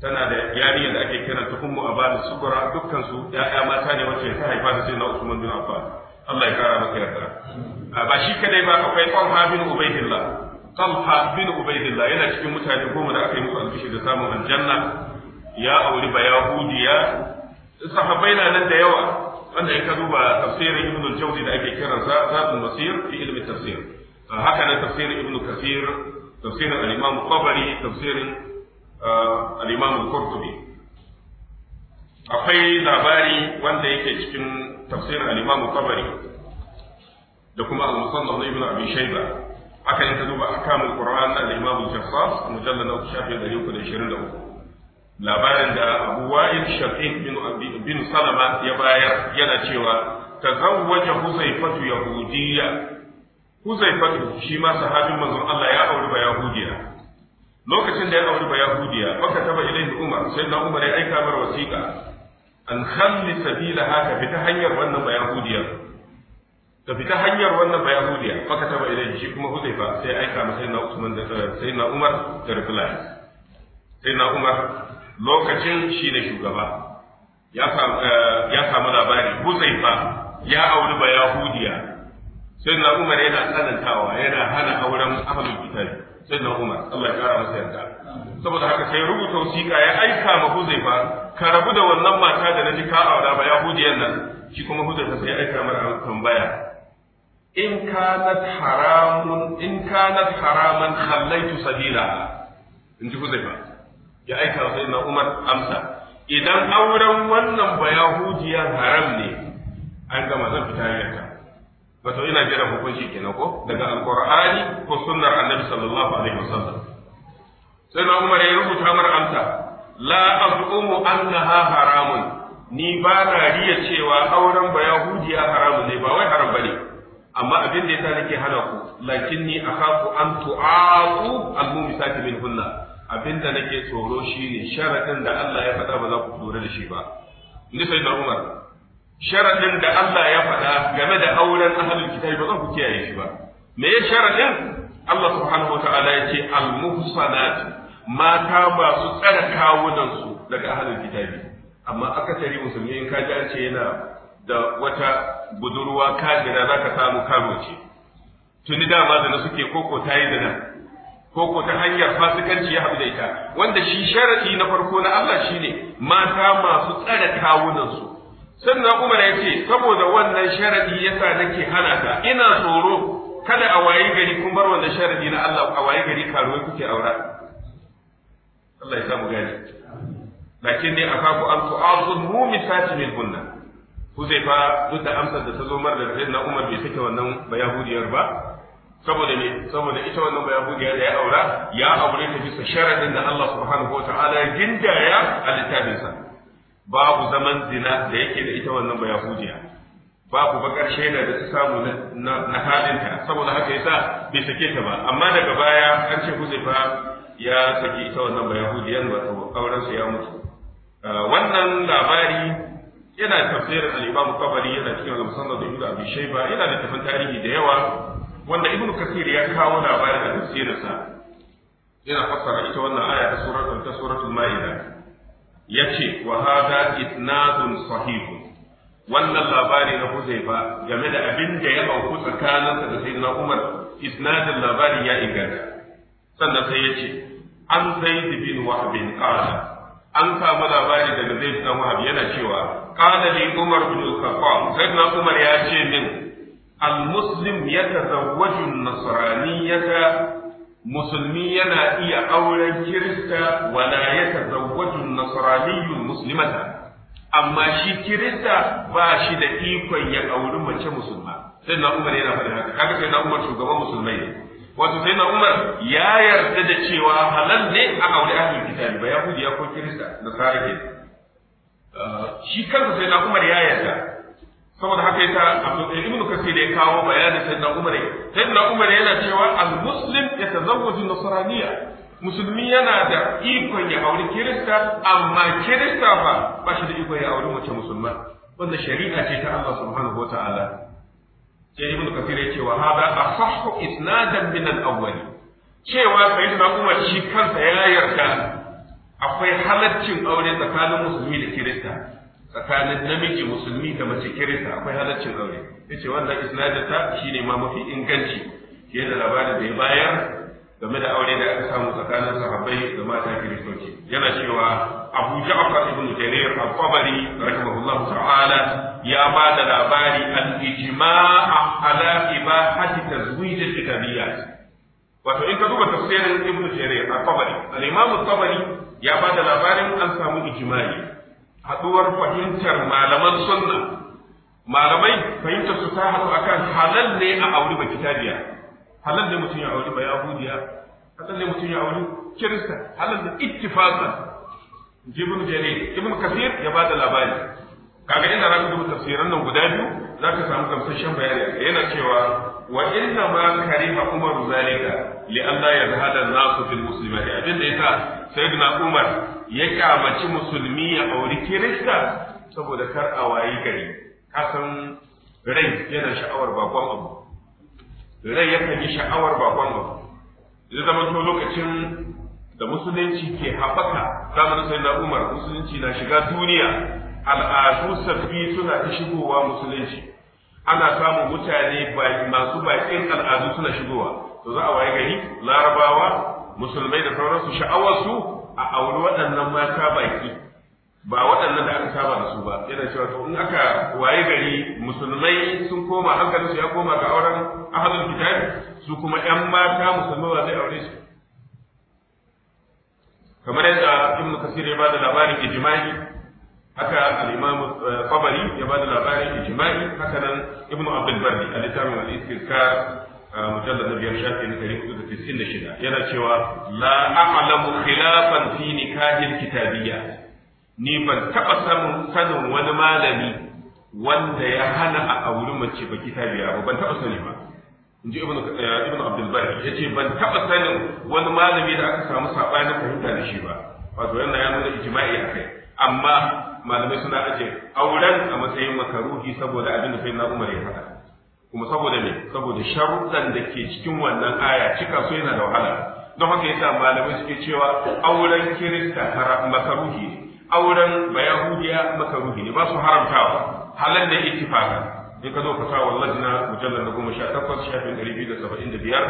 tana da yari da ake ta Ummu Abad sukura. dukkan su ya'ya mata ne wacce ta haifa da sayyidina Usman bin Affan Allah ya kara maka yarda ba shi kadai ba akwai Talha bin ubaydillah Talha bin ubaydillah yana cikin mutane goma da aka yi musu alƙishi da samun aljanna ya auri bayahudiya sahabbai na nan da yawa wanda ya ka duba tafsirin ibn al-jawzi da ake kiransa zadul masir fi ilmi tafsir haka nan tafsirin ibn kathir tafsirin al-imam qabari tafsirin al-imam al-qurtubi akwai labari wanda yake cikin tafsirin al-imam qabari da kuma al-musannaf ibn abi shayba haka in ka duba ahkamul qur'an al-imam al-jassas mujallad 3 shafi 323 labarin da abu wa'il shafiq bin bin salama ya bayar yana cewa tazawwaja huzaifatu yahudiyya huzaifatu shi ma sahabin manzon Allah ya auri ba yahudiya lokacin da ya auri ba yahudiya baka taba ilaihi umar sai na umar ya aika mar wasiƙa an khalli sabila haka fita hanyar wannan ba yahudiya ta fita hanyar wannan ba yahudiya baka taba ilaihi shi kuma huzaifa sai aika masa sai na usman da eh, sai na umar da reply sai na umar lokacin shi ne shugaba ya samu eh, labari huzaifa ya auri ba yahudiya sai na umar yana tsanantawa yana hana auren ahlul kitab sai na umar Allah ya kara masa yarda saboda haka sai rubuta wasiƙa ya aika ma huzaifa ka rabu da wannan mata da naji ka aura ba yahudiyan nan shi kuma huzaifa sai ya aika mara tambaya in kanat haramun in kanat haraman khallaitu sabila in ji huzaifa ya aika wa sayyidina Umar amsa idan auren wannan bayahudiyar haram ne an gama zan fita yanka wato ina jira hukunci kenan ko daga alqur'ani ko sunnar annabi sallallahu alaihi wasallam sayyidina Umar ya rubuta mar amsa la azumu annaha haramun ni ba na riya cewa auren bayahudiya haramun ne ba wai haram bane amma abin da yasa nake hana ku lakinni akhafu an tu'aqu al-mumisati min hunna abinda nake tsoro shi shine sharadin da Allah ya faɗa ba za ku dore da shi ba ni sai da Umar sharadin da Allah ya faɗa game da auren ahlul kitabi ba za ku kiyaye shi ba me ya sharadin Allah subhanahu wataala ya ce al muhsanat mata masu tsare kawunan su daga ahlul kitabi amma akasari musulmi in kaji an ce yana da wata budurwa za zaka samu karo ce tuni dama da suke koko yi da nan ko ko ta hanyar fasikanci ya haɗu da ita wanda shi sharadi na farko na Allah shine mata masu tsare su sannan Umar ya ce saboda wannan sharadi yasa nake hana ta ina tsoro kada a waye gari kun bar wannan sharadi na Allah a waye gari karuwai kuke aura Allah ya samu gani lakin ne akaku an tu'azun mumisati Ku zai Huzaifa duk da amsar da ta zo mar da na Umar bai take wannan bayahudiyar ba saboda ne saboda ita wannan ba yahudiya da ya aura ya aure ta bisa sharadin da Allah subhanahu wa ta'ala ya gindaya a littafinsa babu zaman zina da yake da ita wannan ba yahudiya babu bakar shaida da ta samu na halinta saboda haka yasa bai sake ta ba amma daga baya an ce huzaifa ya saki ita wannan ba yahudiyan wato auren ya mutu ah, wannan labari yana tafsirin al-Imam Tabari yana cikin al-Musannad Ibn Abi Shayba yana da tafin tarihi da yawa wanda ibnu kasir ya kawo labarin da tafsirinsa yana fassara ita wannan aya ta suratul ta suratul maida yace wa hada isnadun sahihun wannan labari na Huzaifa game da abin da ya auku tsakaninsa da Sayyidina Umar isnadin labarin ya inganta sannan sai ya ce an Zaid bin Wahb qala an samu labari daga Zaid bin Wahb yana cewa qala li Umar bin Khattab Sayyidina Umar ya ce min المسلم يتزوج النصرانية مسلمي ينا إيا أولا كريستا ولا يتزوج النصراني المسلمة amma shi kirista ba shi da ikon ya auri mace musulma sai umar yana faɗin haka kaga sai umar shugaban musulmai ne wato umar ya yarda da cewa halal ne a aure ahlul kitabi ba yahudi ya ko kirista da sarake shi kansa sai umar ya yarda saboda haka yasa ibnu kasir ya kawo bayanin na umar na umar yana cewa al muslim yatazawwaju nasraniya musulmi yana da ikon ya auri kirista amma kirista ba ba shi da ikon ya auri mace musulma wanda shari'a ce ta Allah subhanahu wataala sai ibnu kasir ya ce wa hada asahhu isnadan min al awwali cewa sai na umar shi kansa ya yarda akwai halaccin aure tsakanin musulmi da kirista tsakanin namiji musulmi da mace kirista akwai halaccin aure yace wannan isnadin ta shine ma mafi inganci fiye da labarin da ya bayar game da aure da aka samu tsakanin sahabbai da mata kiristoci yana cewa Abu Ja'far ibn Jarir al-Tabari rahimahullahu ta'ala ya ba da labari al-ijma'a ala ibahati tazwij al kitabiyyah wato in ka duba tafsirin ibn Jarir al-Tabari al-Imam al-Tabari ya ba da labarin an samu ijma'i haɗuwar fahimtar malaman sunna malamai fahimtar su ta haɗu kan halal ne a auri ba kitabiya halal ne mutum ya auri ba yahudiya halal ne mutum ya auri kirista halal ne ittifaqan jibin jere ibn kasir ya bada labari kaga ina rabu dubu tafsiran nan guda biyu ka samu gamsashen bayani yana cewa wa inna ma karima umar zalika li alla yazhada an-nasu fil muslimati abinda yasa sayyidina umar ya kyamaci musulmi ya auri kirista saboda kar a wayi gari kasan rai yana sha'awar bakon abu rai yakan yi sha'awar bakon abu zai zama to lokacin da musulunci ke haɓaka zamanin sai na umar musulunci na shiga duniya al'adu sabbi suna ta shigowa musulunci ana samun mutane masu baƙin al'adu suna shigowa to za a waye gari larabawa musulmai da sauransu sha'awarsu a auri waɗannan mata baki ba waɗannan da aka saba da su ba yana cewa to in aka waye gari musulmai sun koma hankalinsu ya koma ga auren ahlul kitab su kuma ƴan mata musulmai ba zai aure su kamar yadda ibnu kasir ya ba da labarin ijma'i haka al-imam qabari eh, ya bada labarin ijma'i haka nan ibn abdul barri a littafin al-istizkar eh, mujallad biyar shafi na ɗari hudu da tisin da shida yana cewa la a'lamu khilafan fi nikahin kitabiyya ni ban taɓa samun sanin wani malami wanda ya hana a auri mace ba kitabiya ba ban taɓa sani ba in ji ibnu eh, abdul bari ya ce ban taɓa sanin wani malami da aka samu saɓanin fahimta da shi ba wato yana ya nuna ijma'i a kai amma malamai suna ajiye auren a matsayin makaruhi saboda abin da sayyidina Umar ya faɗa kuma saboda me saboda sharuɗan da ke cikin wannan aya cika su yana da wahala don haka yasa malamai suke cewa auren kirista makaruhi ne auren bayahudiya makaruhi ne ba su haramtawa halal da ittifaqan in ka zo fata wallahi na mujallal na goma sha takwas shafin ɗari biyu da saba'in da biyar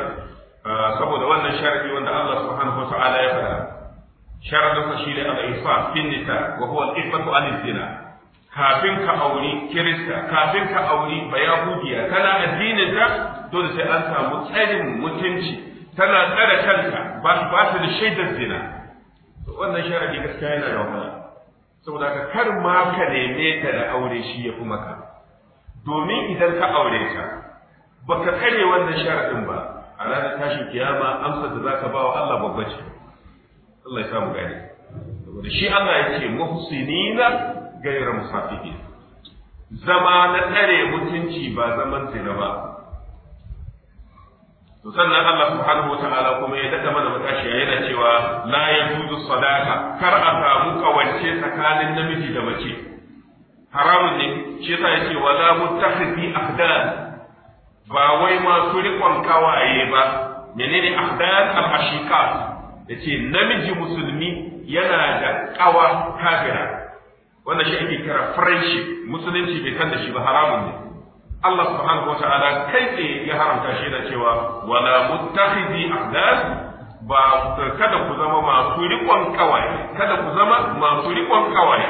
ah, saboda wannan sharadi wanda Allah subhanahu wa ta'ala ya faɗa sharadun shi da al fin wa huwa al alizina kafin ka auri kirista kafin ka auri bayahudiya kana addinin ta dole sai an samu tsarin mutunci tana tsare kanta ba ba ta da shaidar zina wannan sharadi gaskiya yana da wahala saboda ka kar ma ka neme ta da aure shi ya fi maka domin idan ka aure ta baka kare wannan sharadin ba a ranar tashin kiyama amsar da zaka ba wa Allah babba ce Allah ya samu gani saboda shi Allah ya ce muhsinina gairu musafihin zama na tare mutunci ba zaman zina ba to sannan Allah subhanahu wataala kuma ya daga mana matashi yana cewa la yajuzu sadaka kar a samu kawance tsakanin namiji da mace haramun ne shi yasa wa la mutakhfi ahdan ba wai masu rikon kawaye ba menene ahdan al-ashiqat yace namiji musulmi yana da kawa kafira wannan shi ake kira friendship musulunci bai san da shi ba haramun ne Allah subhanahu wataala kai tsaye ya haramta shi da cewa wala muttakhidhi ahdath ba kada ku zama masu riƙon kawaye kada ku zama masu riƙon kawaye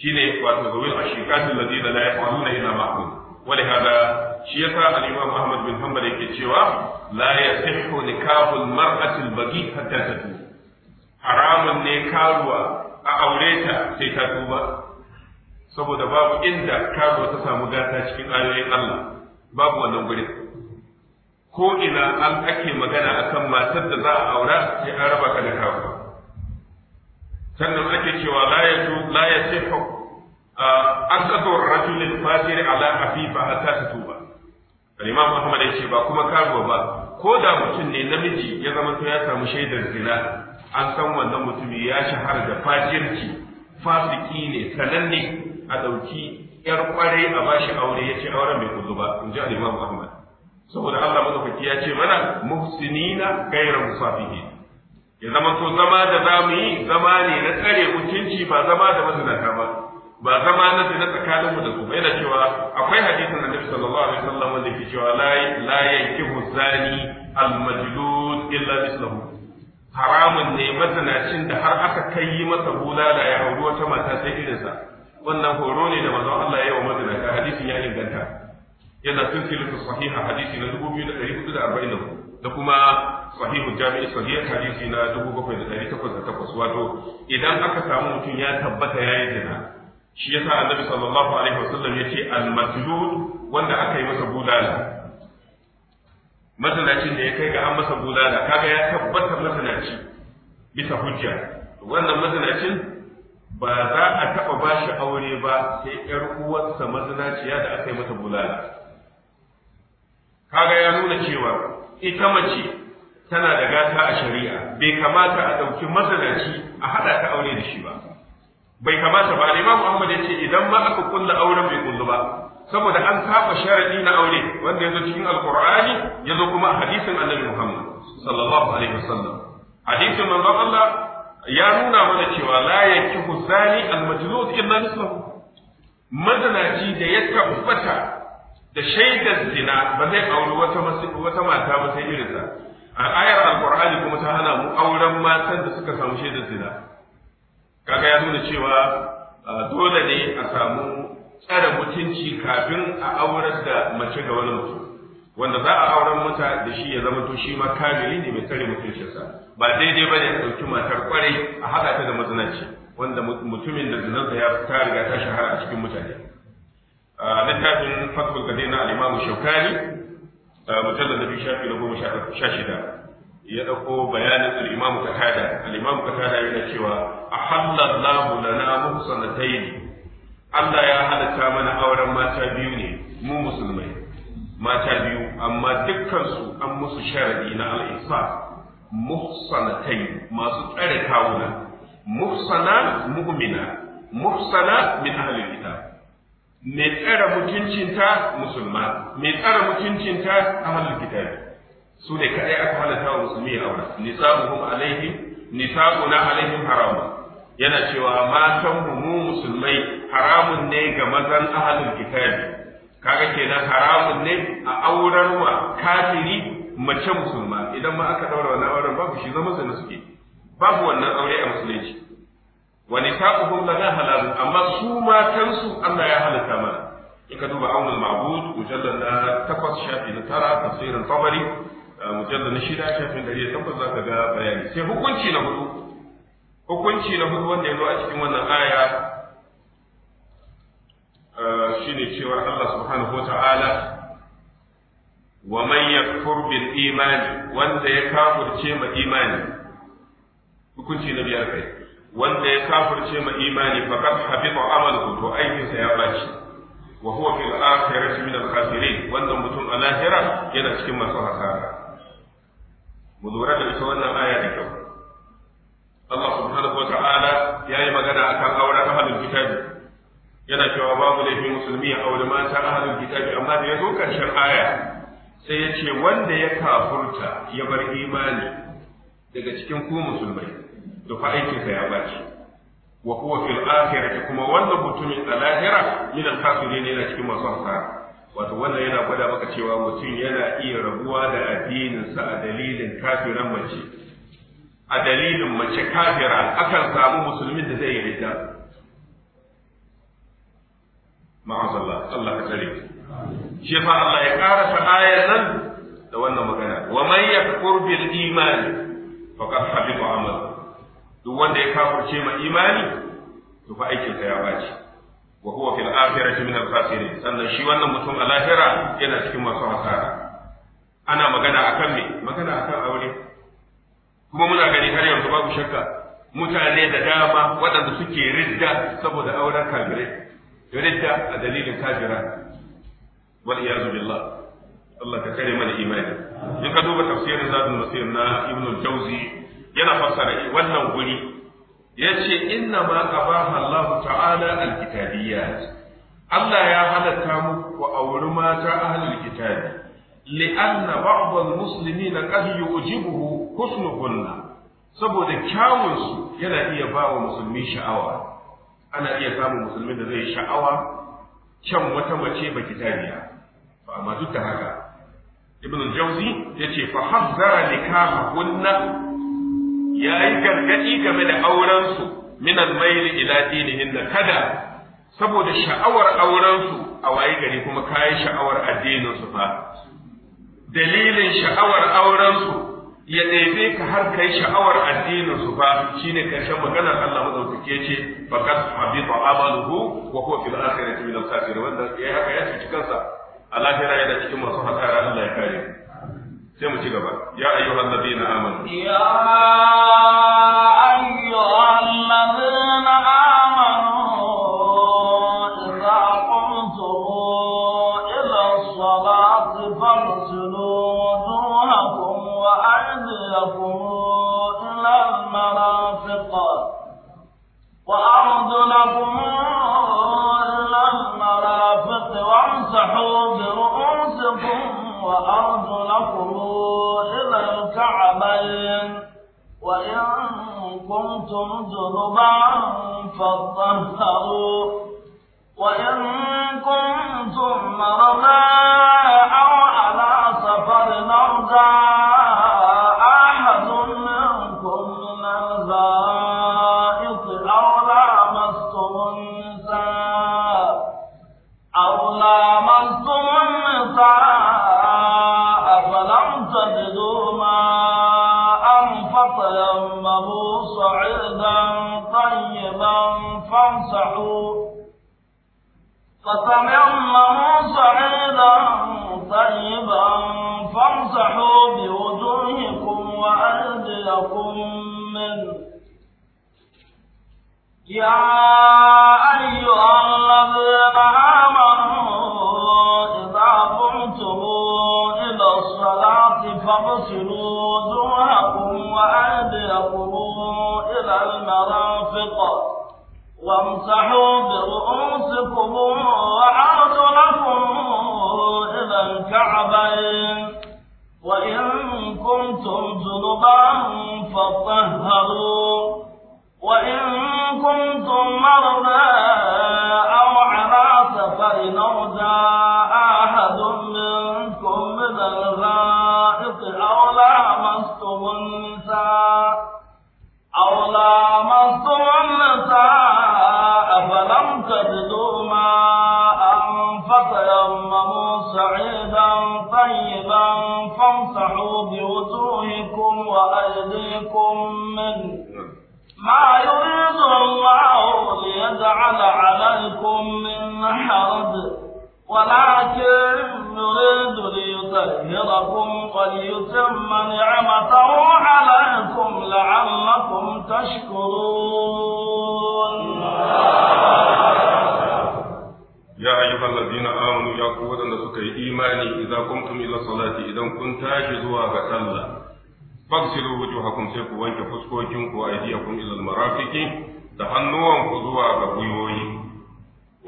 shine wato gawil ashiqatul ladina la yaquluna illa ma'qul ولهذا شيخ الإمام أحمد بن حنبل يكتشوا لا يصح نكاح المرأة البغي حتى تتوب حرام نكاحوا أوليتا تتوب saboda babu inda karuwa ta samu gata cikin ayoyin Allah babu wannan gurin ko ina an ake magana akan matar da za a aura sai an raba ka da karuwa sannan ake cewa la ya la ya akasar rajulin fasir ala a ta tuba al-imam ahmad ce ba kuma karuwa ba ko da mutum ne namiji ya zama to ya samu shaidar zina an san wannan mutumi ya shahara da fasirci fasiki ne sananne a dauki yar kwarai a bashi aure yace auren bai kuzu ba in ji al-imam ahmad saboda Allah madaukaki ya ce mana muhsinina ghayra musafihin ya zama to zama da zamu yi zama ne na tsare mutunci ba zama da mazinata ba ba zama na zina tsakanin mu da kuma yana cewa akwai hadisin annabi sallallahu alaihi wasallam wanda ke cewa la la yankihu zani al majlud illa mislahu haramun ne mazinacin da har aka kai yi masa hula da ya auri wata mata sai irinsa wannan horo ne da manzon Allah ya yi wa mazinaci hadisin ya inganta yana sun silsilatu sahiha hadisi na 2443 da kuma sahihu jami'i sahih hadisi na 7808 wato idan aka samu mutum ya tabbata ya yi zina shi yasa annabi sallallahu alaihi wasallam yace al-matlul wanda aka yi masa bulala masalacin da ya kai ga an masa bulala kaga ya tabbata masalaci bisa hujja wannan masalacin ba za a taɓa ba shi aure ba sai ƴar uwarsa mazinaciya da aka yi mata bulala kaga ya nuna cewa ita mace tana da gata a shari'a bai kamata a ɗauki mazinaci a haɗa ta aure da shi ba bai kamata ba Imam Ahmad ya ce idan ma aka kulla auren bai kullu ba saboda an kafa sharadi na aure wanda yazo cikin alqur'ani yazo kuma hadisin annabi Muhammad sallallahu alaihi wasallam hadisin manzon Allah ya nuna mana cewa la yakihu zani almajlud illa nisluhu mazanaci da ya tabbata da shaidar zina ba zai auri wata wata mata ba sai irinsa a ayar alqur'ani kuma ta hana mu auren matan da suka samu shaidar zina kaga ya nuna cewa dole ne a samu tsare mutunci kafin a aurar da mace ga wani mutum wanda za a auren mata da shi ya zama to shi ma kamili ne mai tsare mutuncinsa ba daidai ba ne a ɗauki matar kwarai a haɗa ta da mazinaci wanda mutumin da zinarsa ya ta riga ta shahara a cikin mutane littafin fatwa gade na al-imamu shaukani mujallar da shafi na goma sha shida ya dauko bayanin al-Imam Qatada al-Imam Qatada yana cewa ahallallahu lana muhsanatayn Allah ya halatta mana auren mata biyu ne mu musulmai mata biyu amma dukkan su an musu sharadi na al-ihsan muhsanatayn masu tsare kawuna muhsana mu'mina muhsana min ahli kitab mai tsare mutuncinta musulma mai tsare mutuncinta ahlul kitab su ne kadai aka halatta wa musulmi ya aura nisabuhum alaihim nisabuna alaihim haram yana cewa matan mu musulmai haramun ne ga mazan ahalul kitabi kaga kenan haramun ne a aurar wa kafiri mace musulma idan ma aka daura wannan auren babu shi zama sai suke babu wannan aure a musulunci wa nisabuhum la halal amma su matan su Allah ya halatta mana in ka duba aunul ma'bud mujallal na 8 shafi na 9 tafsirin tabari mujallar na shida shafin ɗari takwas za ka ga bayani sai hukunci na hudu hukunci na hudu wanda ya zo a cikin wannan aya shine cewar Allah subhanahu wa ta'ala wa man yakfur bil imani wanda ya kafirce ma imani hukunci na biyar kai wanda ya kafirce ma imani faqad habita amaluhu to aikin sa ya baci wa huwa fil akhirati min al kafirin wanda mutum a yana cikin masu hasara mu lura da ita wannan aya da kyau Allah subhanahu wata'ala ya yi magana akan auren ahalin kitabi yana cewa babu laifin musulmi ya aure mata ahalin kitabi amma da ya zo karshen aya sai ya ce wanda ya kafurta ya bar imani daga cikin ku musulmai to fa aikinsa ya baci wa huwa fil akhirati kuma wannan mutumin a lahira min al-kafirin yana cikin masu hasara wato wannan yana gwada maka cewa mutum yana iya rabuwa da addininsa a dalilin kafiran mace a dalilin mace kafira akan samu musulmin da zai yi ridda ma'azallah Allah ka tsare shi fa Allah ya karasa ayar nan da wannan magana wa man yakfur bil iman faqad habita amal duk wanda ya kafirce ma imani to fa aikinsa ya baci wa huwa fil akhirati min al khasirin sannan shi wannan mutum a lahira yana cikin masu hasara ana magana akan me magana akan aure kuma muna gani har yanzu babu shakka mutane da dama waɗanda suke ridda saboda auren kafirai ridda a dalilin kafira wal iyazu billah Allah ka kare mana imani in ka duba tafsirin zadul masir na ibn al-jawzi yana fassara wannan guri yace inna ma qabaha Allahu ta'ala alkitabiyat Allah ya halatta ku auri mata ahlul kitabi li'anna ba'd almuslimin qad yujibuhu husnuhunna saboda kyawun su yana iya ba wa musulmi sha'awa ana iya samun musulmi da zai sha'awa can wata mace ba kitabiya Ba amma duk da haka ibn jawzi yace fa hazzara nikahahunna Ya yi gargaɗi game da aurensu minan min al-mail ila dinihin kada saboda sha'awar aurensu a waye gari kuma kayi sha'awar addinin su fa dalilin sha'awar aurensu ya ɗebe ka har kai sha'awar addinin su fa shine karshen maganar Allah madaukake ce faqad habita amaluhu wa huwa fil akhirati min al-kafirin wanda ya haka ya ci kansa a lahira yana cikin masu hasara Allah ya kare sai mu ci gaba ya ayyuhal ladina amanu ya ayyuhal ladina amanu idza qumtum ila salati faghsilu wujuhakum wa aydiyakum ila al-marafiq wa arjulakum ila al-marafiq wamsahu bi ru'usikum وأرجلكم إلى الكعبين وإن كنتم جنبا فاطهروا وإن كنتم مرضى أو على سفر نرجع فتيمموا صعيدا طيبا فامسحوا فتيمموا صعيدا طيبا فامسحوا بوجوهكم وأيديكم منه يا أيها الذين آمنوا إذا قمتم إلى الصلاة فاغسلوا وجوهكم وأيديكم إلى المرافق وامسحوا برؤوسكم وأرجلكم إلى الكعبين وإن كنتم جنبا فطهروا وإن كنتم مرضى أو على سفر نرجى أحد منكم من الغائط أو لامستم النساء النساء أو لامستم النساء فلم تجدوا ماء فتيمموا سعيدا طيبا فامسحوا بوجوهكم وأيديكم منه ما يريد الله ليجعل عليكم من حرج ولكن يريد ليطهركم وليتم نعمته عليكم لعلكم تشكرون يا أيها الذين آمنوا يا قوة لسكي إيماني إذا قمتم إلى الصلاة إذا كنت تاجزوا فسلا فاغسلوا وجوهكم سيكو وانك فسكوكم وأيديكم إلى المرافق تحنوا وانفضوا وقبيوين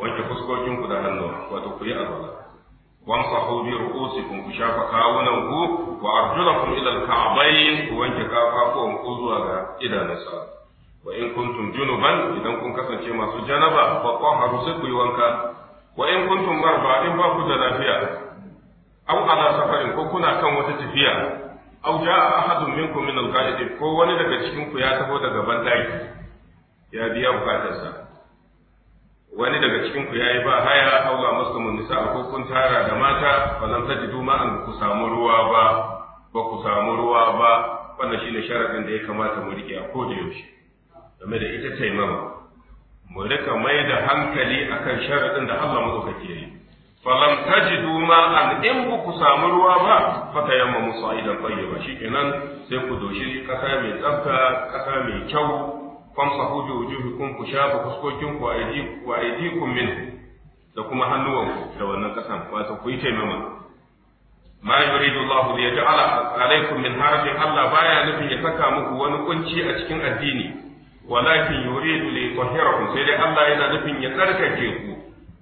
wanke fuskokin ku da hannu wato ku yi wan sahu bi ru'usikum ku shafa kawunan ku wa arjulakum ila al-ka'bayn ku wanke kafafuwan ku zuwa ga idanun sa wa in kuntum junuban idan kun kasance masu janaba fa tahharu sai ku yi wanka wa in kuntum marba in ba ku da lafiya aw ala safarin ko kuna kan wata tafiya aw jaa ahadun minkum min al ko wani daga cikin ku ya taho daga bandaki ya biya bukatarsa wani daga cikin ku yayi ba haya aula muslimun nisa ko kun tara da mata walam tajidu ma an ku samu ruwa ba ba ku samu ruwa ba wannan shine sharadin da ya kamata mu rike a koda yaushe game da ita taimama mu rika mai da hankali akan sharadin da Allah kake yi falam tajidu ma an in ku samu ruwa ba fa yamma musa'idan tayyiba shikenan sai ku doshi kasa mai tsafta kasa mai kyau famsahu bi wujuhikum ku shafa fuskokin ku wa aydikum min da kuma hannuwanku da wannan kasan wato ku yi taimama ma yuridu Allah li yaj'ala alaykum min harajin Allah baya nufin ya saka muku wani kunci a cikin addini walakin yuridu li yutahhirakum sai dai Allah yana nufin ya tsarkake ku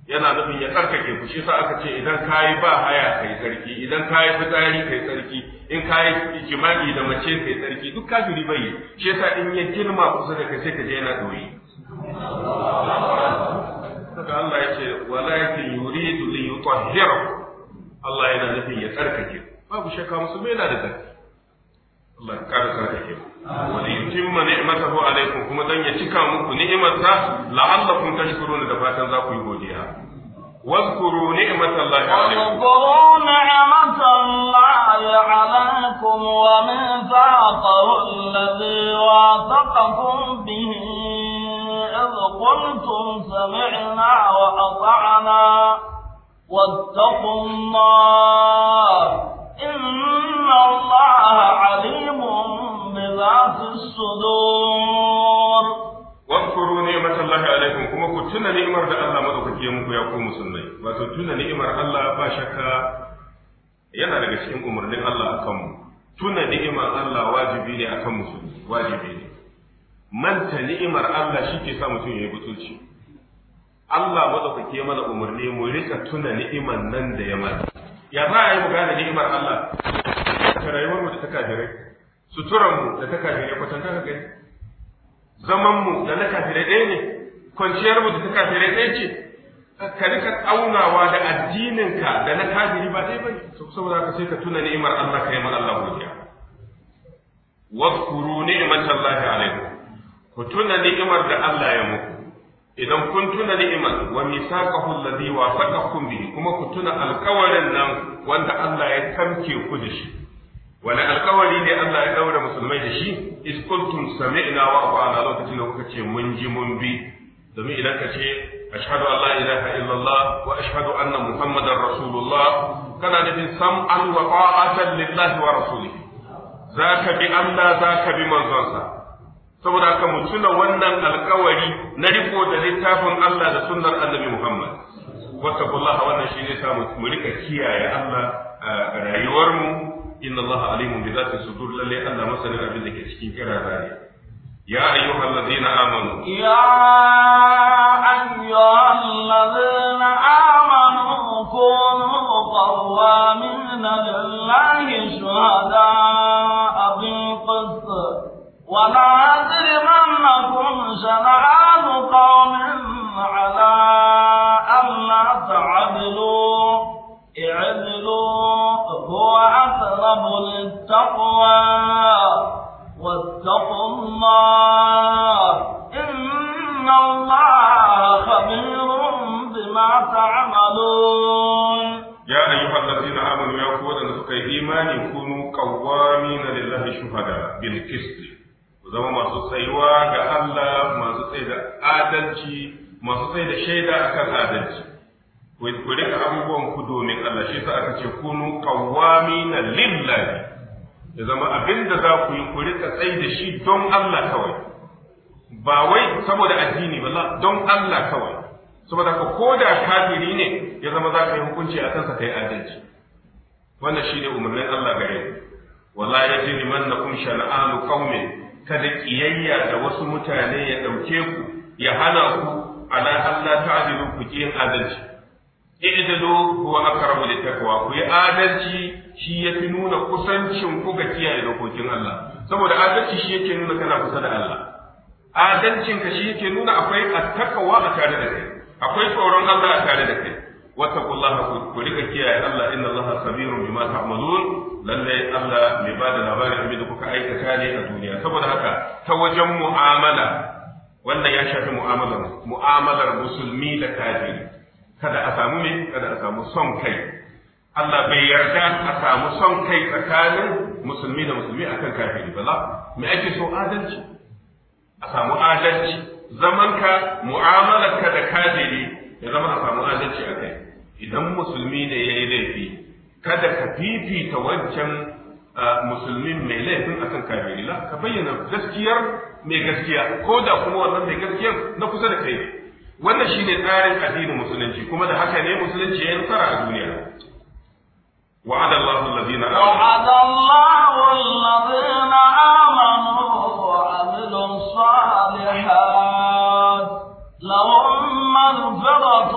yana nufin ya tsarkake ku shi sa aka ce idan kayi ba haya kai sarki idan kayi fitsari kai sarki in kayi jima'i da mace kai sarki duk kafiri bai yi shi yasa in ya girma kusa da kai sai yana doyi saka Allah ya ce walakin yuridu li yutahhirakum Allah yana nufin ya tsarkake babu shakka musulmai yana da tsarki Allah ya ka tsarkake wa li yutimma ni'matahu alaykum kuma dan ya cika muku ni'imarsa la'allakum tashkuruna da fatan za ku yi godiya واذكروا نعمة الله عليكم واذكروا نعمة الله عليكم وميثاقه الذي واثقكم به إذ قلتم سمعنا وأطعنا واتقوا الله إن الله عليم بذات الصدور واذكروا نعمة الله عليكم كما كنتنا نعمة الله مدوكك يمكو Wato tuna ni'imar نعمة الله باشكا yana daga cikin umarnin Allah akan mu. tuna ni'imar Allah wajibi ne akan musulmi wajibi ne manta ni'imar Allah shi ke sa mutum ya yi butulci Allah madaukake mana umarni mu rika tuna ni'imar nan da ya mana ya za a yi mu gane ni'imar Allah ta rayuwar mu da ta kafirai suturan mu da ta kafirai kwatanta ka gani zaman mu da na kafirai ɗaya ne kwanciyar da ta kafirai ɗaya ce ka rika ƙaunawa da addininka da na kafiri ba ɗaya bane saboda ka sai ka tuna ni'imar Allah kai mana Allah godiya wadhkuru ni'matallahi alaikum ku tuna ni'imar da Allah ya muku idan kun tuna ni'imar wa misaqahu alladhi wasaqakum bihi kuma ku tuna alƙawarin nan wanda Allah ya kamke ku da shi wani alkawari ne Allah ya daura musulmai da shi is kuntum sami'na wa ata'na lokacin da kuka ce mun ji mun bi domin idan ka ce ashhadu an la ilaha illallah wa ashhadu anna muhammadar rasulullah kana nufin sam'an wa ta'atan lillahi wa rasulihi zaka bi Allah zaka bi manzonsa saboda haka mu tuna wannan alkawari na riko da littafin Allah da sunnar annabi Muhammad wattaqullaha wannan shine samu mu rika kiyaye Allah eh, rayuwarmu إن الله عليم بذات الصدور للي ألا مثلا من ذلك الشكين كلا يا أيها الذين آمنوا يا أيها الذين آمنوا كونوا قوامين لله شهداء بالقسط ولا أجرمنكم شنعان قوم على أن تعدلوا اعذلوا هو أقرب للتقوى واتقوا الله إن الله خبير بما تعملون يا أيها الذين آمنوا يا قوة لسكي إيمان كونوا قوامين لله شهداء بالقسط zama masu tsayuwa ga Allah masu tsaye da adalci masu tsaye da shaida akan adalci ku rika abubuwan ku domin Allah shi sa aka ce kunu na lillahi ya zama abin da za ku yi ku rika tsayi da shi don Allah kawai ba wai saboda addini ba don Allah kawai saboda ka da kafiri ne ya zama za ka yi hukunci a kansa kai adalci wannan shine umarnin Allah gare ku wala yajrimannakum shan'anu qaumin kada kiyayya da wasu mutane ya dauke ku ya hana ku ala Allah ta'dilu ku yin adalci i'dilu huwa aqrabu littaqwa ku yi adalci shi ya fi nuna kusancin ku ga kiyaye dokokin Allah saboda adalci shi yake nuna kana kusa da Allah adalcin ka shi yake nuna akwai attaqwa a tare da kai akwai tsoron Allah a tare da kai wattaqullaha ku rika kiyaye Allah inna Allaha sabirun bima ta'malun lalle Allah mai da labarin abin da kuka aikata ne a duniya saboda haka ta wajen mu'amala wannan ya shafi mu'amalar mu'amalar musulmi da kafiri kada a samu me kada a samu son kai Allah bai yarda a samu son kai tsakanin musulmi da musulmi akan kafiri ba me ake so adalci a samu adalci zamanka mu'amalarka da kafiri ya zama a samu adalci a kai idan musulmi ne ya yi laifi kada ka fifita wancan musulmin mai laifin akan kafiri la ka bayyana gaskiyar mai gaskiya ko da kuma wannan mai gaskiyar na kusa da kai ne wannan shine tsarin addinin musulunci kuma da haka ne musulunci ya nasara a duniya وعد الله الذين آمنوا وعد الله الذين آمنوا وعملوا الصالحات لهم مغفرة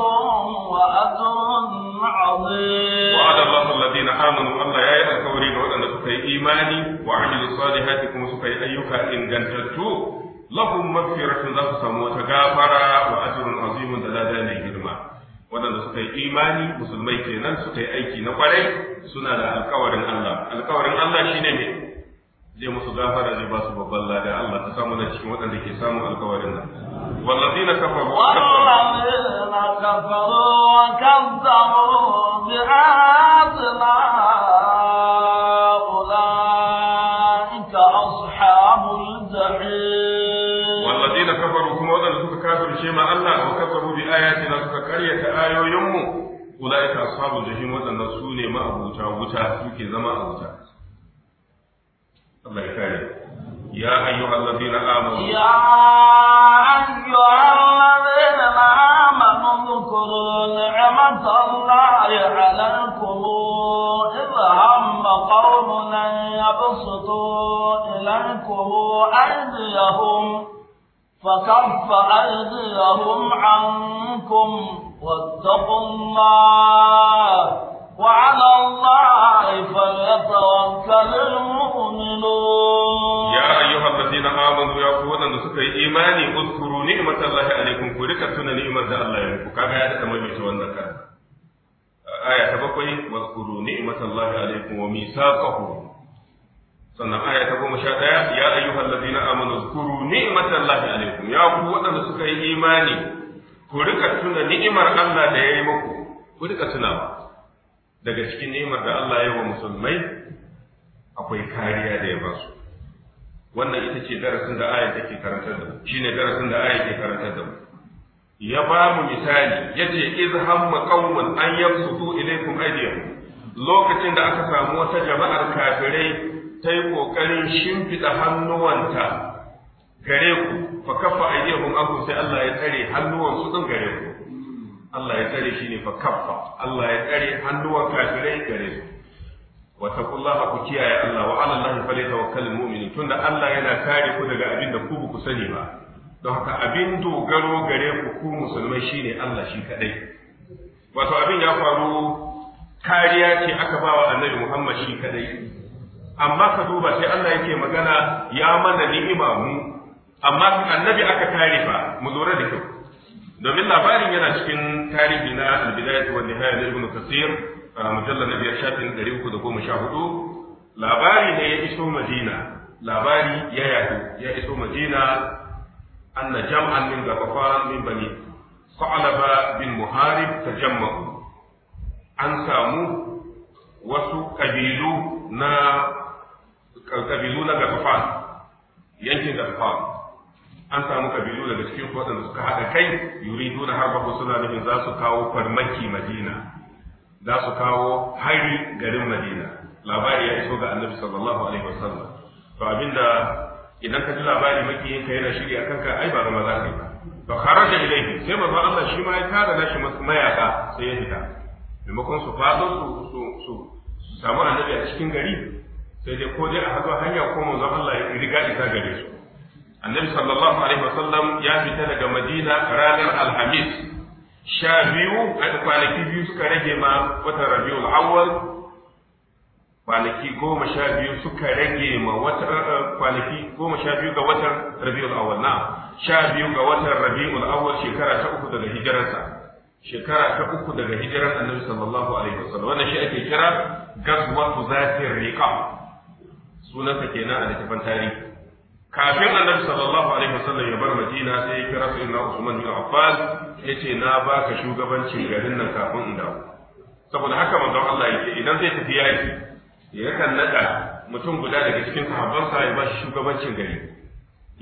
وأجر عظيم وعد الله الذين آمنوا الله يا الكوري وأن سكي إيماني وعملوا الصالحات كما سكي أيها إن جنتلتوه lahum maghfiratun za su samu wata gafara wa ajrun azimun da lada mai girma wadanda suka yi imani musulmai kenan suka yi aiki na kwarai suna da alkawarin Allah alkawarin Allah shine me je musu gafara zai ba su babban lada Allah ta samu na cikin waɗanda ke samu alkawarin nan kafaru wa kafaru wa وكذبوا بآياتنا kafirce ma Allah wa kazzabu bi ayatina suka karyata ayoyinmu ulaika ashabul jahim wadannan su ne ma abuta wuta suke zama a wuta Allah ya kare ya ayyuhal ladina amanu ya ayyuhal ladina amanu dhkuru ni'matallahi 'alaykum إذ هم قوم أن يبسطوا إليكم فكف أيديهم عنكم واتقوا الله وعلى الله فليتوكل المؤمنون يا أيها الذين آمنوا يا أخوانا نسكي إيماني اذكروا نعمة الله عليكم كلك سنة نعمة الله عليكم كما يدك مجمع جوانا آية, آية تبقي واذكروا نعمة الله عليكم وميثاقه sannan aya ta goma sha ɗaya ya ayyuhal ladina amanu zkuru ni'matallahi alaikum ya ku waɗanda suka yi imani ku rika tuna ni'imar Allah da ya yi muku ku rika tuna daga cikin ni'imar da Allah ya yi wa musulmai akwai kariya da ya ba su wannan ita ce darasin da aya take karantar da mu shine darasin da aya ke karantar da mu ya ba mu misali yace iz hamma qaumun an yabsutu ilaykum aydiyahum lokacin da aka samu wata jama'ar kafirai ta yi ƙoƙarin shimfiɗa hannuwanta gare ku fa kafa ayyahum aku sai Allah ya tsare hannuwansu din gare ku Allah ya tsare shi ne fa kafa Allah ya tsare hannuwan kafirai gare ku. wa taqullaha ku kiyaye Allah wa ala Allah falyatawakkalul mu'minun tunda Allah yana kare ku daga abin da ku ku sani ba don haka abin dogaro gare ku ku musulmai shine Allah shi kadai wato abin ya faru kariya ce aka bawa Annabi Muhammad shi kadai amma ka duba sai Allah yake magana ya mana ni'ima mu amma annabi aka kare fa mu lura da kyau domin labarin yana cikin tarihi na al-bidayah wa nihayah da ibn kathir mujallal na biyar shafin hudu labari ne ya iso madina labari ya yadu ya iso madina anna jam'an min gafafa min bani sa'alaba bin muharib ta tajammu an samu wasu ƙabilu na kabilu na gafafan yankin gafafan an samu kabilu daga cikin waɗanda suka haɗa kai yuridu har harba suna nufin za su kawo farmaki madina za su kawo hari garin madina labari ya iso ga annabi sallallahu alaihi wasallam to abinda idan ka ji labari makiyin ka yana shiri akan ka ai ba ga maza ka yi ba fa kharaja ilayhi sai manzo Allah shi ma ya tara nashi mayaka sai ya fita maimakon su fado su su samu annabi a cikin gari sai dai ko dai a hazo hanya ko manzon Allah ya riga isa gare su annabi sallallahu alaihi wasallam ya fita daga madina ranar alhamis sha biyu a kwanaki biyu suka rage ma watan rabiul awwal kwanaki goma sha biyu suka rage ma wata eh, eh, kwanaki goma sha biyu ga watan rabiul awwal na sha biyu ga watan rabiul awwal shekara ta uku daga hijirarsa shekara ta uku daga hijirar annabi sallallahu alaihi wasallam wannan shi ake kira gazwatu zatir riqa sunansa kenan a littafin tarihi kafin annabi sallallahu alaihi wasallam ya bar madina sai ya kira sayyidina usman bin affan yace na baka shugabancin garin nan kafin in dawo saboda haka manzon Allah yake idan zai tafi yaki kan nada mutum guda daga cikin sahabbansa ya ba shi shugabancin gari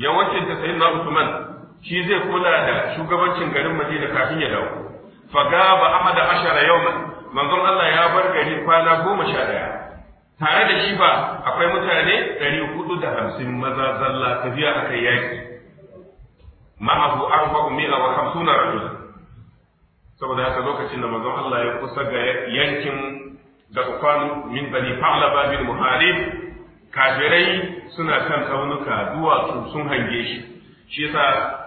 yawancin ta sayyidina usman shi zai kula da shugabancin garin madina kafin ya dawo Fa gaba ahada ashara yawman manzon Allah ya bar gari kwana goma sha daya tare da shi ba akwai mutane ɗari hudu da hamsin maza zalla tafiya aka yaki ma'ahu arba'u mi'a wa hamsuna rajul saboda haka lokacin da manzon Allah ya kusa ga yankin da kwano min bani fa'laba bin muharib kafirai suna kan tsaunuka duwatsu sun hange shi shi yasa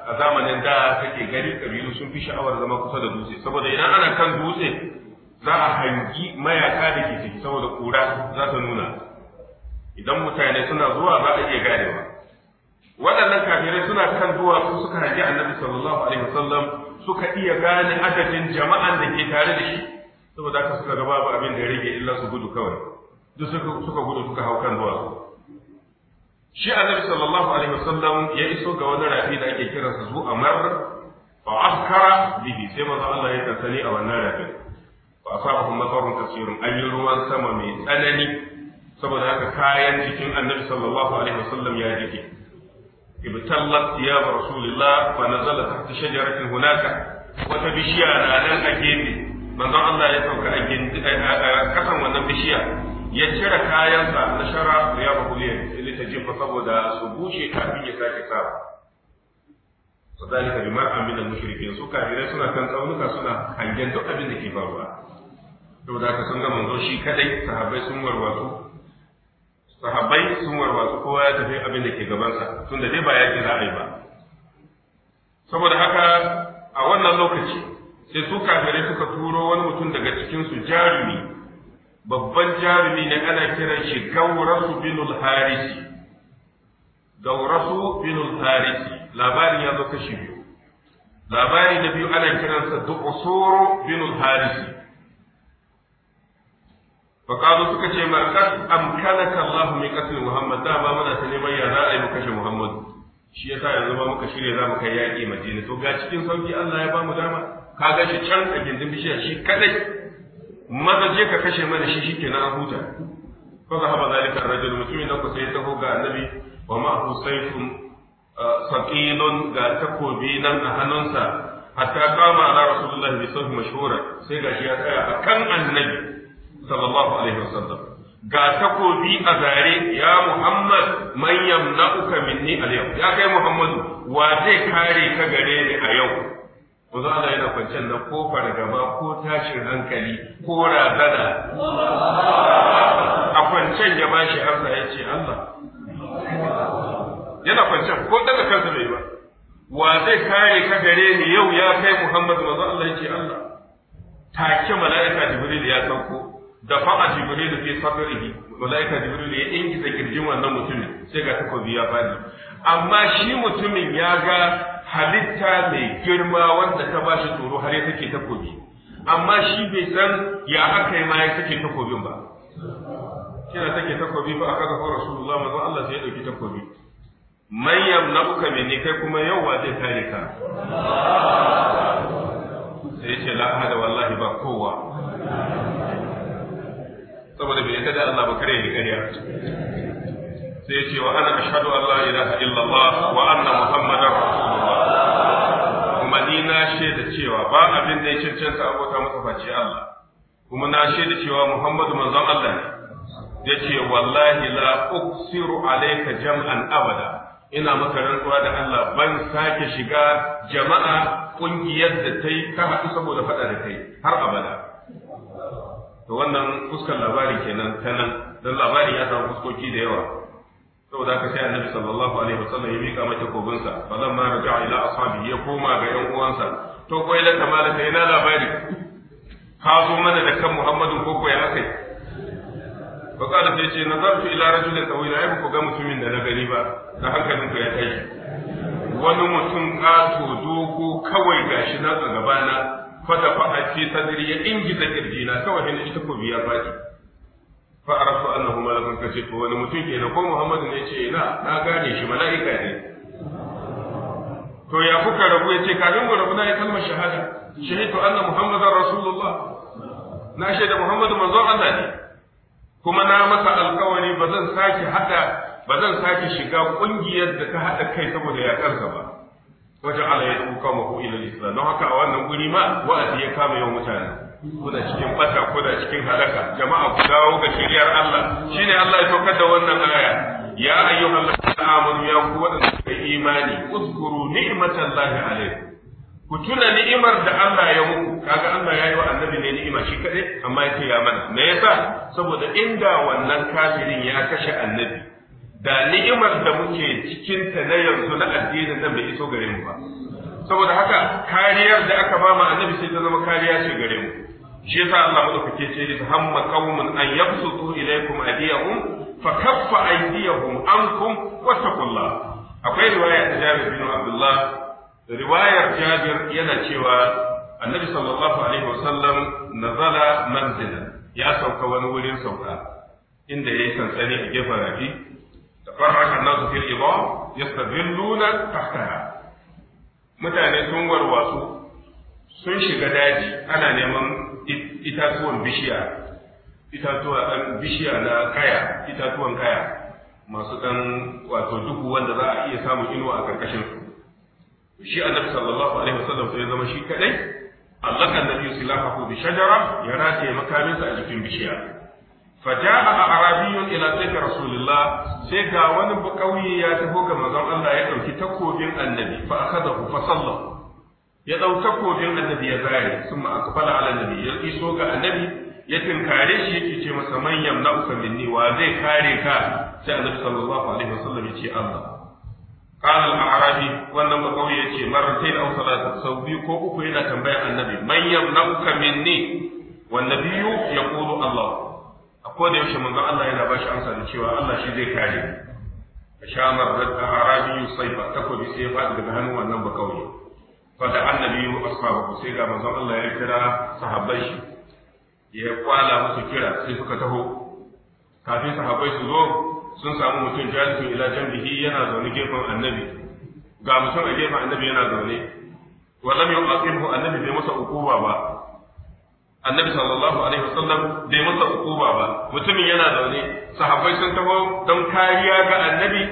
a zamanin da kake gari kabilu sun fi sha'awar zama kusa da dutse saboda idan ana kan dutse za a hangi mayaka da ke ciki saboda kura za ta nuna idan mutane suna zuwa za a iya ganewa waɗannan kafirai suna kan zuwa su suka hangi annabi sallallahu alaihi wasallam suka iya gane adadin jama'an da ke tare da shi saboda haka suka ga babu abin da ya rage illa su gudu kawai duk suka gudu suka hau kan duwatsu shi annabi sallallahu alaihi wasallam ya iso ga wani rafi da ake kiransa zu amar fa askara bihi sai manzo Allah ya tansani a wannan rafin fa asabahu matarun kasirun an yi ruwan sama mai tsanani saboda haka kayan cikin annabi sallallahu alaihi wasallam ya jike ibtallat thiyab rasulillah fa nazala tahta shajaratin hunaka wata bishiya na nan a gefe manzon Allah ya sauka a kasan wannan bishiya ya cire kayansa na shara ya ba kuliyar ta jefa saboda su bushe kafin ya sake sawa وذلك بما عمل المشركين سو كافرين suna kan tsaunuka suna hangen duk abin da ke faruwa saboda haka sun ga manzo shi kadai sahabbai sun warwatu sahabbai sun warwatu kowa ya tafi abin da ke gabansa tun da dai ba ya za a ba saboda haka a wannan lokaci sai su kafirai suka turo wani mutum daga cikin su jarumi babban jarumi ne ana kiran shi gaurasu binul harisi gaurasu binul harisi labarin ya zo kashi biyu labari na biyu ana kiransa du'usuru binul harisi فقالوا suka ce mar qad amkanaka Allah min qatl Muhammad da ba muna ta neman ya za a yi mu kashe Muhammad shi yasa yanzu ba muka shirye za mu kai yaƙi Madina to ga cikin sauki Allah ya ba mu dama ka ga can a gindin bishiya shi kadai maza ka kashe mana shi shikenan an huta a zahaba zalika ar-rajul mutumin na ku sai taho ga annabi wa ma'ahu sayfun uh, saqilun ga takobi nan a hannunsa hatta kama ala rasulullahi bi sahbi mashhura sai gashi ya tsaya a kan annabi sallallahu alaihi wasallam ga takobi a zare ya Muhammad man yamna'uka minni al yau ya kai Muhammadu wa zai kare ka gare ni a yau ko za Allah yana kwanciyar na ko fargaba ko tashin hankali ko razana a kwanciyar ya bashi amsa ya ce Allah yana kwanciyar ko daga kansa bai ba wa zai kare ka gare ni yau ya kai Muhammadu za Allah ya ce Allah take mala'ika Jibril ya sanko. da fa'a jibrilu fi sadrihi malaika jibrilu ya ingiza kirjin wannan mutumin sai ga takobi ya fadi amma shi mutumin ya ga halitta mai girma wanda ta bashi tsoro har ya take takobi amma shi bai san ya aka yi ma ya take takobin ba kina take takobi ba aka ga rasulullah manzo Allah sai ya dauki takobi man yamna'uka min kai kuma yau zai kare ka sai ce la hada wallahi ba kowa saboda bai yadda da Allah ba kare ya ƙarya sai ya ce wa ana ashhadu an la ilaha illallah wa anna muhammadar kuma ni na shaida cewa ba abin da ya cancanta abota masa face Allah kuma na shaida cewa Muhammadu manzon Allah ne yace wallahi la uksiru alayka jam'an abada ina maka rantsuwa da Allah ban sake shiga jama'a kungiyar da ta yi ka haɗu saboda faɗa da kai har abada to wannan fuskar labari kenan ta nan don labari ya samu fuskoki da yawa saboda haka sai annabi sallallahu alaihi wasallam ya mika mata kobinsa falan ma raja ila ashabi ya koma ga yan uwansa to koi la kamala sai na labari ka zo mana da kan Muhammadu ko ko ya kai ka da sai ce nazartu ila rajulin tawila ai ku ga mutumin da na gani ba da hankalin ku ya kai. wani mutum ƙato dogo kawai gashi na bana. fata fa'a fi sadri ya ingiza kirjina kawai hin shi takobi ya faɗi fa arafu annahu malakun kace to wani mutum kenan ko Muhammadu ne ce na na gane shi mala'ika ne to ya kuka rabu ya ce kafin mu rabu na yi kalmar shahada shahidu anna muhammadan rasulullah na shaida muhammadu manzon Allah ne kuma na masa alkawari ba zan sake hada ba zan sake shiga kungiyar da ka hada kai saboda yakarsa ba wajen ala ya ɗauka mako ilal islam don haka a wannan guri ma wa'azi ya kama yawan mutane kuna cikin fata kuna cikin halaka jama'a ku dawo ga shiriyar Allah shine Allah ya saukar da wannan aya ya ayyuhal ladina amanu ya ku wadanda suka yi imani uzkuru ni'matallahi alaikum ku tuna ni'imar da Allah ya muku kaga Allah ya yi wa annabi ne ni'ima shi kadai amma ya ce ya mana me yasa saboda inda wannan kafirin ya kashe annabi da ni'imar da muke cikin ta na yanzu na addinin nan bai iso gare mu ba saboda haka kariyar da aka ba mu annabi sai ta zama kariya ce gare mu shi yasa Allah madaukake ce da hamma qaumun an yabsutu ilaykum adiyahum fa kaffa aydiyahum ankum wattaqullah akwai riwaya ta Jabir bin Abdullah riwayar Jabir yana cewa annabi sallallahu alaihi wasallam nazala manzila ya sauka wani wurin sauka inda yayi sansani a gefen rafi tafarraka an-nasu fil idam yastadilluna tahtaha mutane sun warwatsu sun shiga daji ana neman itatuwan bishiya na kaya itatuwan kaya masu dan wato duhu wanda za a iya samun inuwa a karkashin su shi annabi sallallahu alaihi wasallam sai zama shi kadai allaka annabi silahahu bi shajara ya rataye makaminsu a jikin bishiya فجاء أعرابي إلى سيف رسول الله سيكا ونب قوي يا تهوك مزام الله يدعو تكو بين النبي فأخذه فصلى يدعو تكو بين النبي يزاري ثم أقبل على النبي يلقي يسوك النبي يتن كاريش يكي مسمن يمنعك مني وذي كاريكا سأل صلى الله عليه وسلم يتي الله قال الأعرابي ونب قوي يتي مرتين أو ثلاثة سوبي كوكو إلى تنبيع النبي من يمنعك مني والنبي يقول الله a koda yaushe manzo Allah yana ba shi amsa da cewa Allah shi zai kare ka sha marzata arabi saifa takobi sai ya faɗi daga hannun wannan ba kawai fa da annabi wa ashabu sai ga manzo Allah ya kira sahabbai shi ya kwala musu kira sai suka taho kafin sahabbai su zo sun samu mutum jalisun ila jambihi yana zaune gefen annabi ga mutum a gefen annabi yana zaune wa lam yuqimhu annabi bai masa ukuba ba annabi sallallahu alaihi wasallam bai masa hukuma ba mutumin yana zaune sahabbai sun taho don kariya ga annabi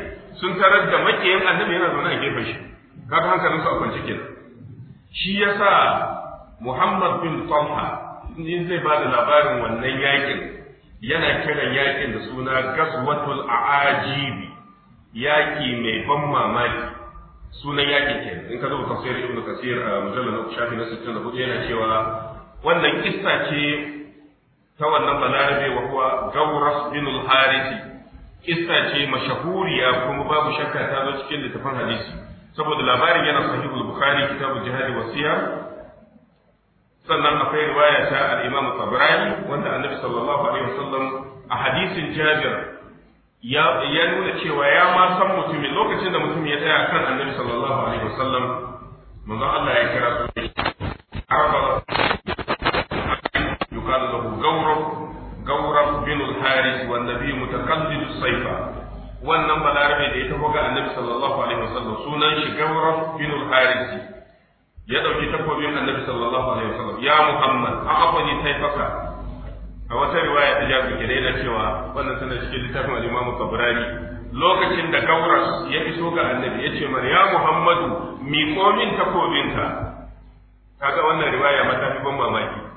sun tarar da makiyin annabi yana zaune a gefen shi kaga hankalinsa a kwance kenan shi yasa Muhammad bin Talha in zai ba da labarin wannan yakin yana kiran yakin da suna gaswatul a'ajibi yaki mai ban mamaki sunan yakin kenan in ka zo tafsir ibn kasir a mujallal na shafi na 64 yana cewa wannan kissa ce ta wannan balarabe wa huwa gauras bin al-harisi kissa ce mashahuriya kuma babu shakka ta zo cikin littafin hadisi saboda labarin yana sahihul bukhari kitabul jihad wa siyar sannan akwai riwaya ta al-Imam Tabrani wanda Annabi sallallahu alaihi wasallam a hadisin Jabir ya ya nuna cewa ya ma san mutumin lokacin da mutum ya tsaya kan Annabi sallallahu alaihi wasallam manzon Allah ya kira su Arba يقال له جورب جورب بن الحارث والنبي متخلد السيف wannan balarabe da ya taho ga annabi sallallahu alaihi wasallam sunan shi gawraf bin al-harisi ya dauki takobin annabi sallallahu alaihi wasallam ya muhammad a afani taifaka a wata riwaya ta jabi ke da cewa wannan tana cikin littafin al-imam kabrani lokacin da gawras ya iso ga annabi ya ce mana ya muhammadu mi komin takobinka kaga wannan riwaya mata fi ban mamaki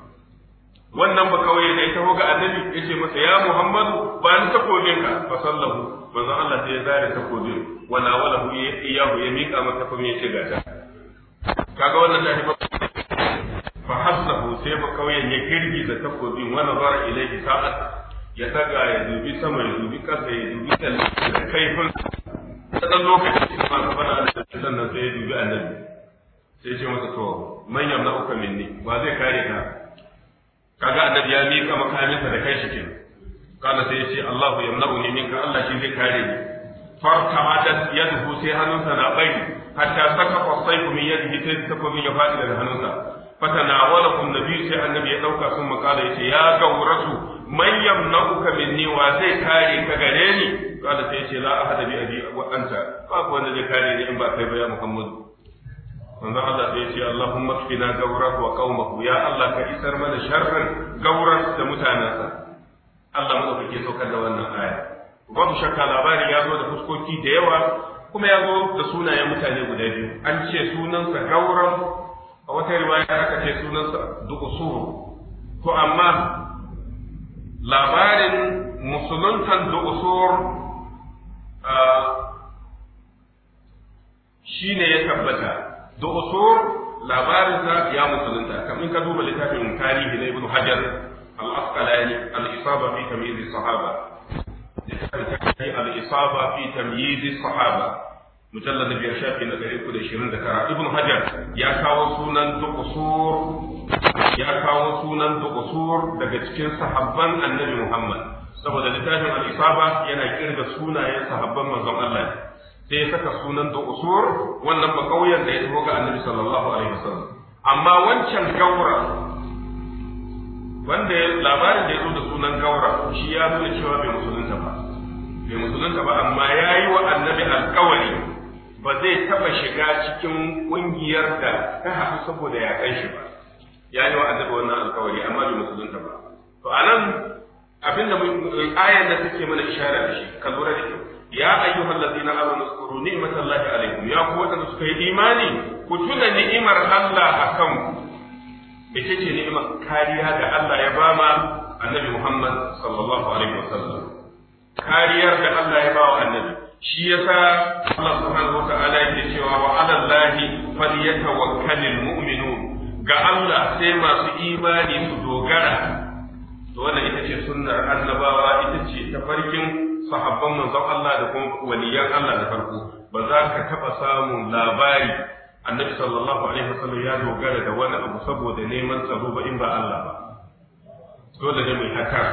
wannan ba kawai ne ta ga annabi yace masa ya muhammad ba ni takobin ka fa sallahu manzo Allah sai ya zare takobin wala wala hu iyahu ya mika masa kuma yace ga ta kaga wannan da ba fa hasahu sai ba kawai ya kirgiza takobin wala bara ilayhi sa'at ya daga ya dubi sama ya dubi kasa ya dubi kallon da kaifin sadan lokaci ba ba na da sannan sai ya dubi annabi sai ya ce masa to man yamna uka minni ba zai kare ka kaga annabi ya mika makaminsa da kai shi ke kana sai ya ce Allahu yamna'uni minka Allah shi zai kare ni farka adat yadhu sai hannunsa na bai hatta saka fasaiku min yadihi sai saka min ya fadi daga hannunsa fatanawalahu annabi sai annabi ya dauka sun makala yace ya gauratu man yamna'uka minni wa zai kare ka gare ni kana sai ya ce la ahada bi abi wa anta babu wanda zai kare ni in ba kai ba ya Muhammadu manzo Allah sai ce Allahumma kina gaurar wa qaumahu ya Allah ka isar mana sharrin gaurar da mutanansa Allah mu kake saukar da wannan aya babu shakka labarin ya zo da fuskoki da yawa kuma ya zo da sunayen mutane guda biyu an ce sunansa gaurar a wata riwaya aka ce sunansa duqsur to amma labarin musuluntan duqsur ah, shi ne ya tabbata da usur labarin sa ya musulunta kamar ka duba littafin tarihi na ibnu hajar al-asqalani al-isaba fi tamyiz as-sahaba littafin al-isaba fi tamyiz as-sahaba mujallad na biyar shafi na ɗari da shirin da tara ibnu hajar ya kawo sunan da usur ya kawo sunan da usur daga cikin sahabban annabi muhammad saboda littafin al-isaba yana kirga sunayen sahabban manzon Allah sai ya saka sunan da usur wannan ba kauyen da ya taho ga annabi sallallahu alaihi wasallam amma wancan gaura wanda labarin da ya zo da sunan gaura shi ya nuna cewa bai musulunta ba bai musulunta ba amma ya yi wa annabi alkawari ba zai taba shiga cikin kungiyar da ta haɗu saboda ya kan shi ba ya yi wa annabi wannan alkawari amma bai musulunta ba to anan abinda ayan da take mana ishara da shi ka lura da kyau ya ayyuha allazina amanu zkuru ni'matallahi alaykum ya ku wadanda suka yi imani ku tuna ni'imar Allah akan ku mece ce ni'imar kariya da Allah ya bama annabi Muhammad sallallahu alaihi wasallam kariyar da Allah ya bawa annabi shi yasa Allah subhanahu wata'ala yake cewa wa 'ala Allahi falyatawakkalul mu'minun ga Allah sai masu imani su dogara Dole wannan ita ce sunnar annabawa ita ce ta farkin sahabban manzon Allah da kuma waliyan Allah da farko ba za ka taba samun labari annabi sallallahu alaihi wasallam ya dogara da wani abu saboda neman tsaro ba in ba Allah ba dole ne mai haka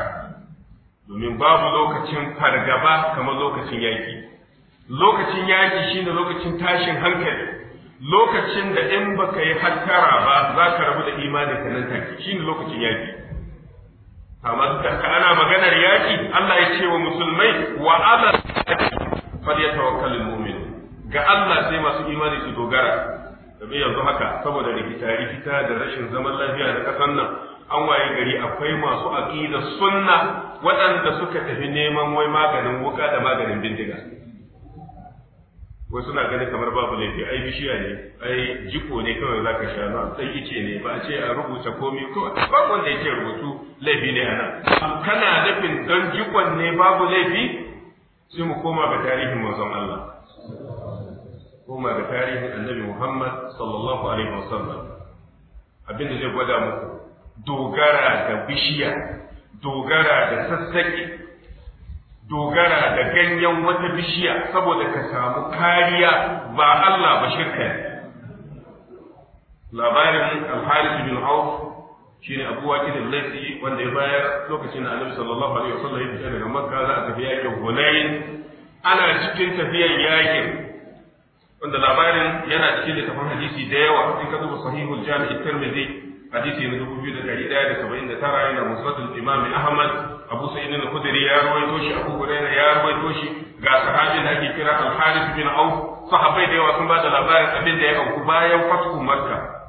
domin babu lokacin fargaba kamar lokacin yaki lokacin yaki shine lokacin tashin hankali lokacin da in baka yi hattara ba za ka rabu da imanin ka nan take shine lokacin yaki amma ana maganar yaki Allah ya ce wa musulmai wa ya tawakkal mu'min ga Allah sai masu imani su dogara domin yanzu haka saboda rikita rikita da rashin zaman lafiya da kasan nan an waye gari akwai masu aqida sunna waɗanda suka tafi neman wai maganin wuka da maganin bindiga Wai suna ganin kamar babu laifi ai bishiya ne ai jiko ne kawai zaka sha na sai ice ne ba a ce a rubuta komai kawai babu wanda yake rubutu laifi ne a nan kana dafin don jikon ne babu laifi sai mu koma ga tarihin manzon Allah koma ga tarihin annabi Muhammad sallallahu alaihi wasallam abinda zai gwada muku dogara da bishiya dogara da sassaƙi dogara da ganyen wata bishiya saboda ka samu kariya ba Allah ba shirka labarin alhalis bin Hausa. shine Abu Waqid al-Laythi wanda ya bayar lokacin da Annabi sallallahu alaihi wasallam ya fita daga Makka za a tafi yakin Hunayn ana cikin tafiyar yakin wanda labarin yana cikin littafin hadisi da yawa in ka duba sahihul jami'i tirmidhi hadisi na dubu biyu da ɗari ɗaya da saba'in da tara yana musnadul imami ahmad abu sa'id al khudri ya rawaito shi abu hurairah ya rawaito shi ga sahabin da ake kira al harith bin auf sahabbai da yawa sun ba da labarin abin da ya auku bayan fatku makka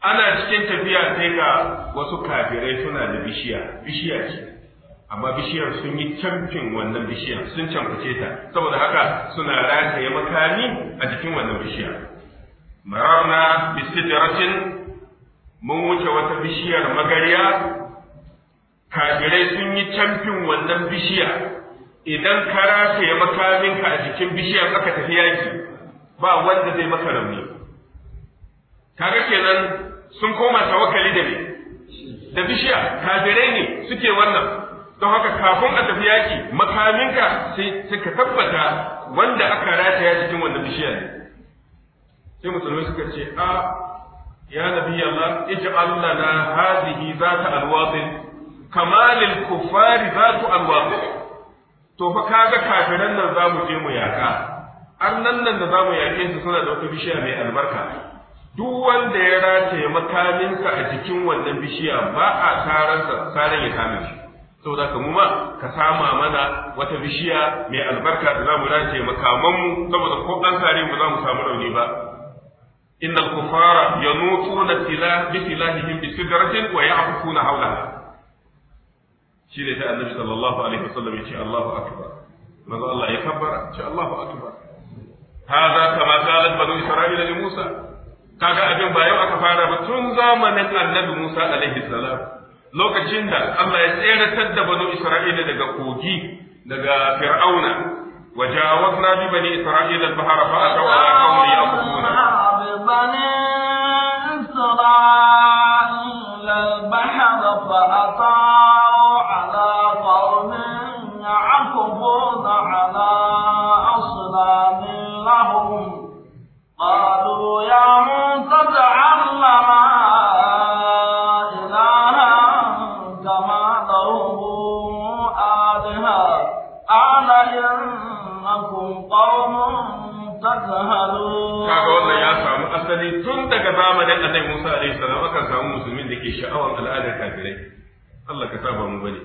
ana cikin tafiya sai ga wasu kafirai suna da bishiya bishiya ce amma bishiyar sun yi camfin wannan bishiyar sun camfice ta saboda haka suna ya makami a jikin wannan bishiyar mararna rashin mun wuce wata bishiyar magarya kafirai sun yi camfin wannan bishiya idan ka makamin ka a jikin bishiyar aka tafi yaki ba wanda zai maka rauni kaga kenan sun koma tawakkali da me da bishiya kafirai ne suke wannan don haka kafin a tafi yaki makaminka sai ka tabbata wanda aka rataya cikin wannan bishiya ne sai musulmai suka ce a ya nabi Allah ij'al lana hadhihi zata alwadin kama lil kuffari zatu alwadin to fa kaga kafiran nan zamu je mu yaka annan nan da zamu yake su suna da wata bishiya mai albarka duk wanda ya rataye makaminsa a jikin wannan bishiya ba a taransa taran ya kame shi saboda ka mu ma ka sama mana wata bishiya mai albarka da zamu rataye makamanmu saboda ko an sare mu za mu samu rauni ba inna al-kufara yanutuna silah bi silahihim bi sidratin wa ya'kufuna Shi shine sai annabi sallallahu alaihi wasallam ya ce Allahu akbar manzo Allah ya kabbara ce Allahu akbar hadha kama qalat banu isra'ila li Musa kaga abin ba yau aka fara ba tun zamanin annabi Musa alaihi salam lokacin da Allah ya tseratar da banu Isra'ila daga kogi daga Fir'auna وجاوزنا ببني إسرائيل البحر فأتوا على قوم يعبدون ببني إسرائيل البحر فأتوا على قالوا يا tun daga zamanin annabi Musa alaihi salam aka samu musulmin da ke sha'awan al'adar kafirai Allah ka saba mu bane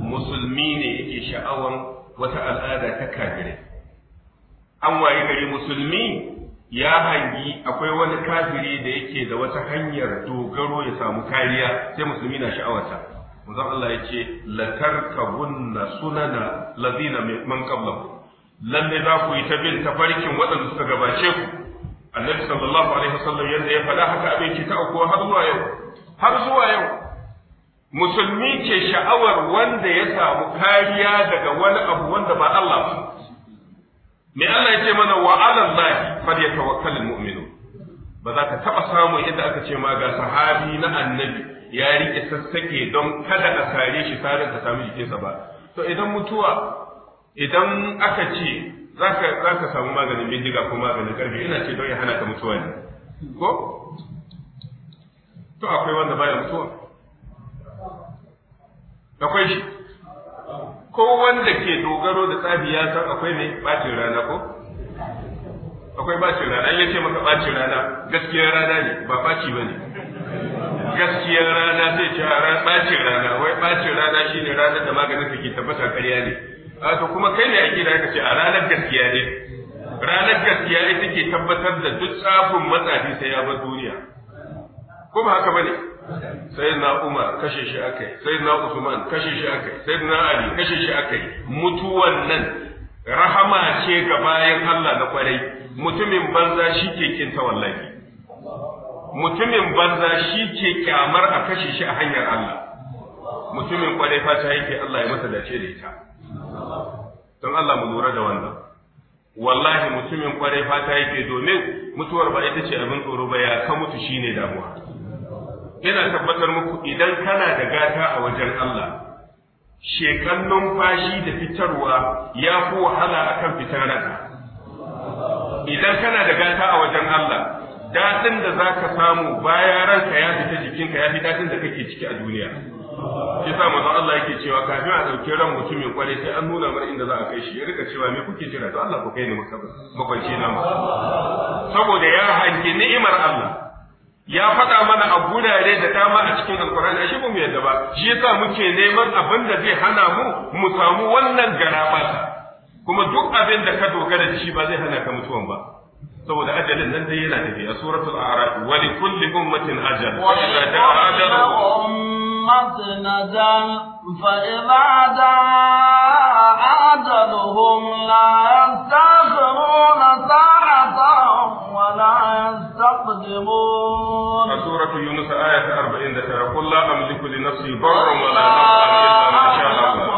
musulmi ne yake sha'awan wata al'ada ta kafirai an waye gari musulmi ya hangi akwai wani kafiri da yake da wata hanyar dogaro ya samu kariya sai musulmi na sha'awarta manzon Allah ya ce tarkabunna sunana lazina man qablakum lalle za ku yi ta bin tafarkin waɗanda suka gabace ku annabi sallallahu alaihi wasallam yadda ya faɗa haka abin ki ta aukuwa har zuwa yau har zuwa yau musulmi ke sha'awar wanda ya samu kariya daga wani abu wanda ba Allah ba me Allah ya ce mana wa ala Allah falyatawakkalul mu'minu ba za ka taɓa samu yadda aka ce ma ga sahabi na annabi ya riƙe sassake don kada a sare shi sarin ta sami jikinsa ba to idan mutuwa idan aka ce za ka samu maganin bindiga ko maganin karfi ina ce don ya hana ka mutuwa ne ko to akwai wanda baya mutuwa akwai shi ko wanda ke dogaro da tsabi ya san akwai ne bacin rana ko akwai bacin rana an yace maka bacin rana gaskiyar rana ne ba baci bane gaskiyar rana sai ce bacin rana wai bacin rana shine ranar da maganin ke tabbata ƙarya ne Ah, kuma kai ne ake da aka ce a ranar gaskiya ne ranar gaskiya ne take tabbatar da duk tsafin matsafi sai ya bar duniya ko ba haka bane sai na umar kashe shi akai sai na usman kashe shi akai sai na ali kashe shi akai mutuwan nan rahama ce ga bayan Allah na kwarai mutumin banza shi ke kinta wallahi mutumin banza shi ke kyamar a kashe shi a hanyar Allah mutumin kwarai fata yake Allah ya masa dace da ita don Allah mu lura da wannan wallahi mutumin kwarai fata yake domin mutuwar ba ita ce abin tsoro ba ya ka mutu shine damuwa ina tabbatar muku idan kana da gata a wajen Allah shekan numfashi da fitarwa ya fi wahala akan fitar raka idan kana da gata a wajen Allah daɗin da zaka samu baya ranka ya fita jikinka ya fi daɗin da kake ciki a duniya ke sa manzo Allah yake cewa kafin a ɗauki ran mutumin kware sai an nuna mar inda za a kai shi ya rika cewa me kuke jira to Allah ku kai ni makwanci na mu saboda ya hangi ni'imar Allah ya faɗa mana a gurare da dama a cikin alkur'ani ashe ba mu yadda ba shi yasa muke neman abin da zai hana mu mu samu wannan garabata kuma duk abin da ka dogara da shi ba zai hana ka mutuwan ba saboda ajalin nan dai yana tafiya suratul a'raf wa li kulli ummatin ajal wa idza ja'a مثنة فإذا جاء لا يستأخرون ساعة ولا يستقدمون سورة يونس آية 40 قل لا أملك لنفسي برا ولا نفعا إلا ما شاء الله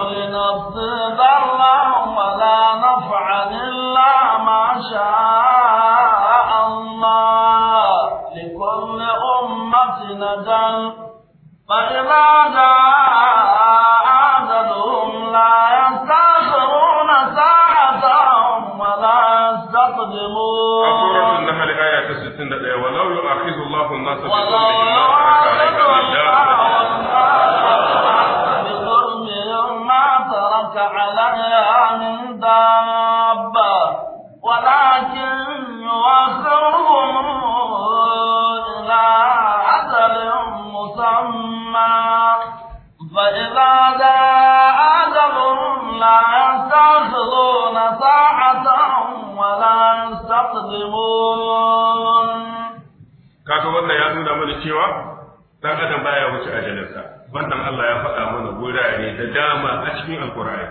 alkur'ani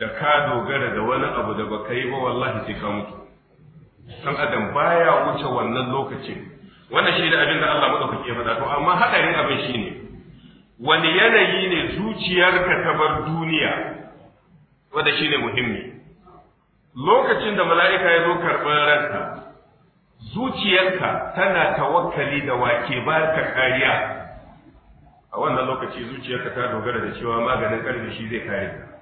da ka dogara da wani abu da baka yi ba wallahi sai ka mutu san adam baya wuce wannan lokacin wannan shi ne abin da Allah madaukake ke faɗa to amma hadarin abin shine wani yanayi ne zuciyarka ta bar duniya wanda shine muhimmi lokacin da mala'ika ya zo karɓar ranka zuciyarka tana tawakkali da wake ba ka kariya a wannan lokaci zuciyarka ta dogara da cewa maganin karfi shi zai kare ka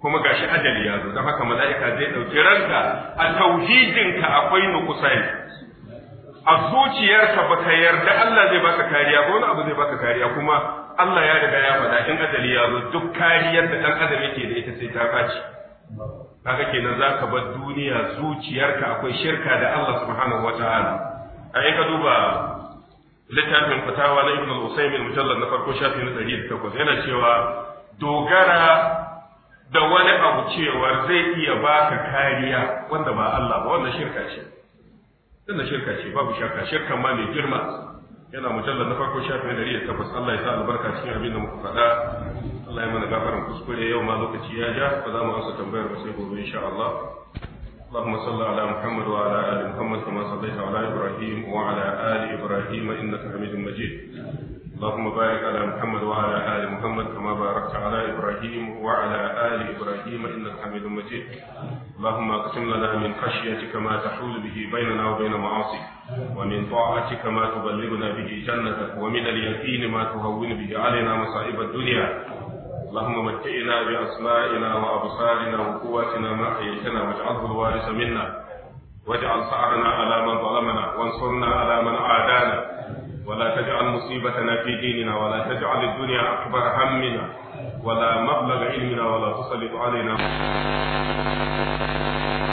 kuma gashi ajali ya zo don haka mala'ika zai ɗauki ranka a tauhidinka akwai nukusani a zuciyarka ka yarda Allah zai baka kariya ba wani abu zai baka kariya kuma Allah ya riga ya faɗa in ajali ya zo duk kariyar da ɗan adam yake da ita sai ta ɓaci haka kenan za ka bar duniya zuciyarka akwai shirka da Allah subhanahu wa ta'ala a ka duba littafin fatawa na ibn al-usaymin mujallal na farko shafi na 108 yana cewa dogara da wani abu cewa zai iya baka kariya wanda ba Allah ba wannan shirka ce wannan shirka ce babu shakka shirka ma mai girma yana mujallal na farko shafi na 108 Allah ya sa albarka cikin abin da muka faɗa Allah ya mana gafaran kuskure yau ma lokaci ya ja ba za mu amsa tambayar ba sai gobe insha Allah اللهم صل على محمد وعلى ال محمد كما صليت على ابراهيم وعلى ال ابراهيم انك حميد مجيد اللهم بارك على محمد وعلى ال محمد كما باركت على ابراهيم وعلى ال ابراهيم انك حميد مجيد اللهم اقسم لنا من خشيتك ما تحول به بيننا وبين معاصيك ومن طاعتك ما تبلغنا به جنتك ومن اليقين ما تهون به علينا مصائب الدنيا اللهم متئنا بأسمائنا وأبصارنا وقواتنا ما أحييتنا واجعله الوارث منا واجعل صعرنا على من ظلمنا وانصرنا على من عادانا ولا تجعل مصيبتنا في ديننا ولا تجعل الدنيا أكبر همنا ولا مبلغ علمنا ولا تسلط علينا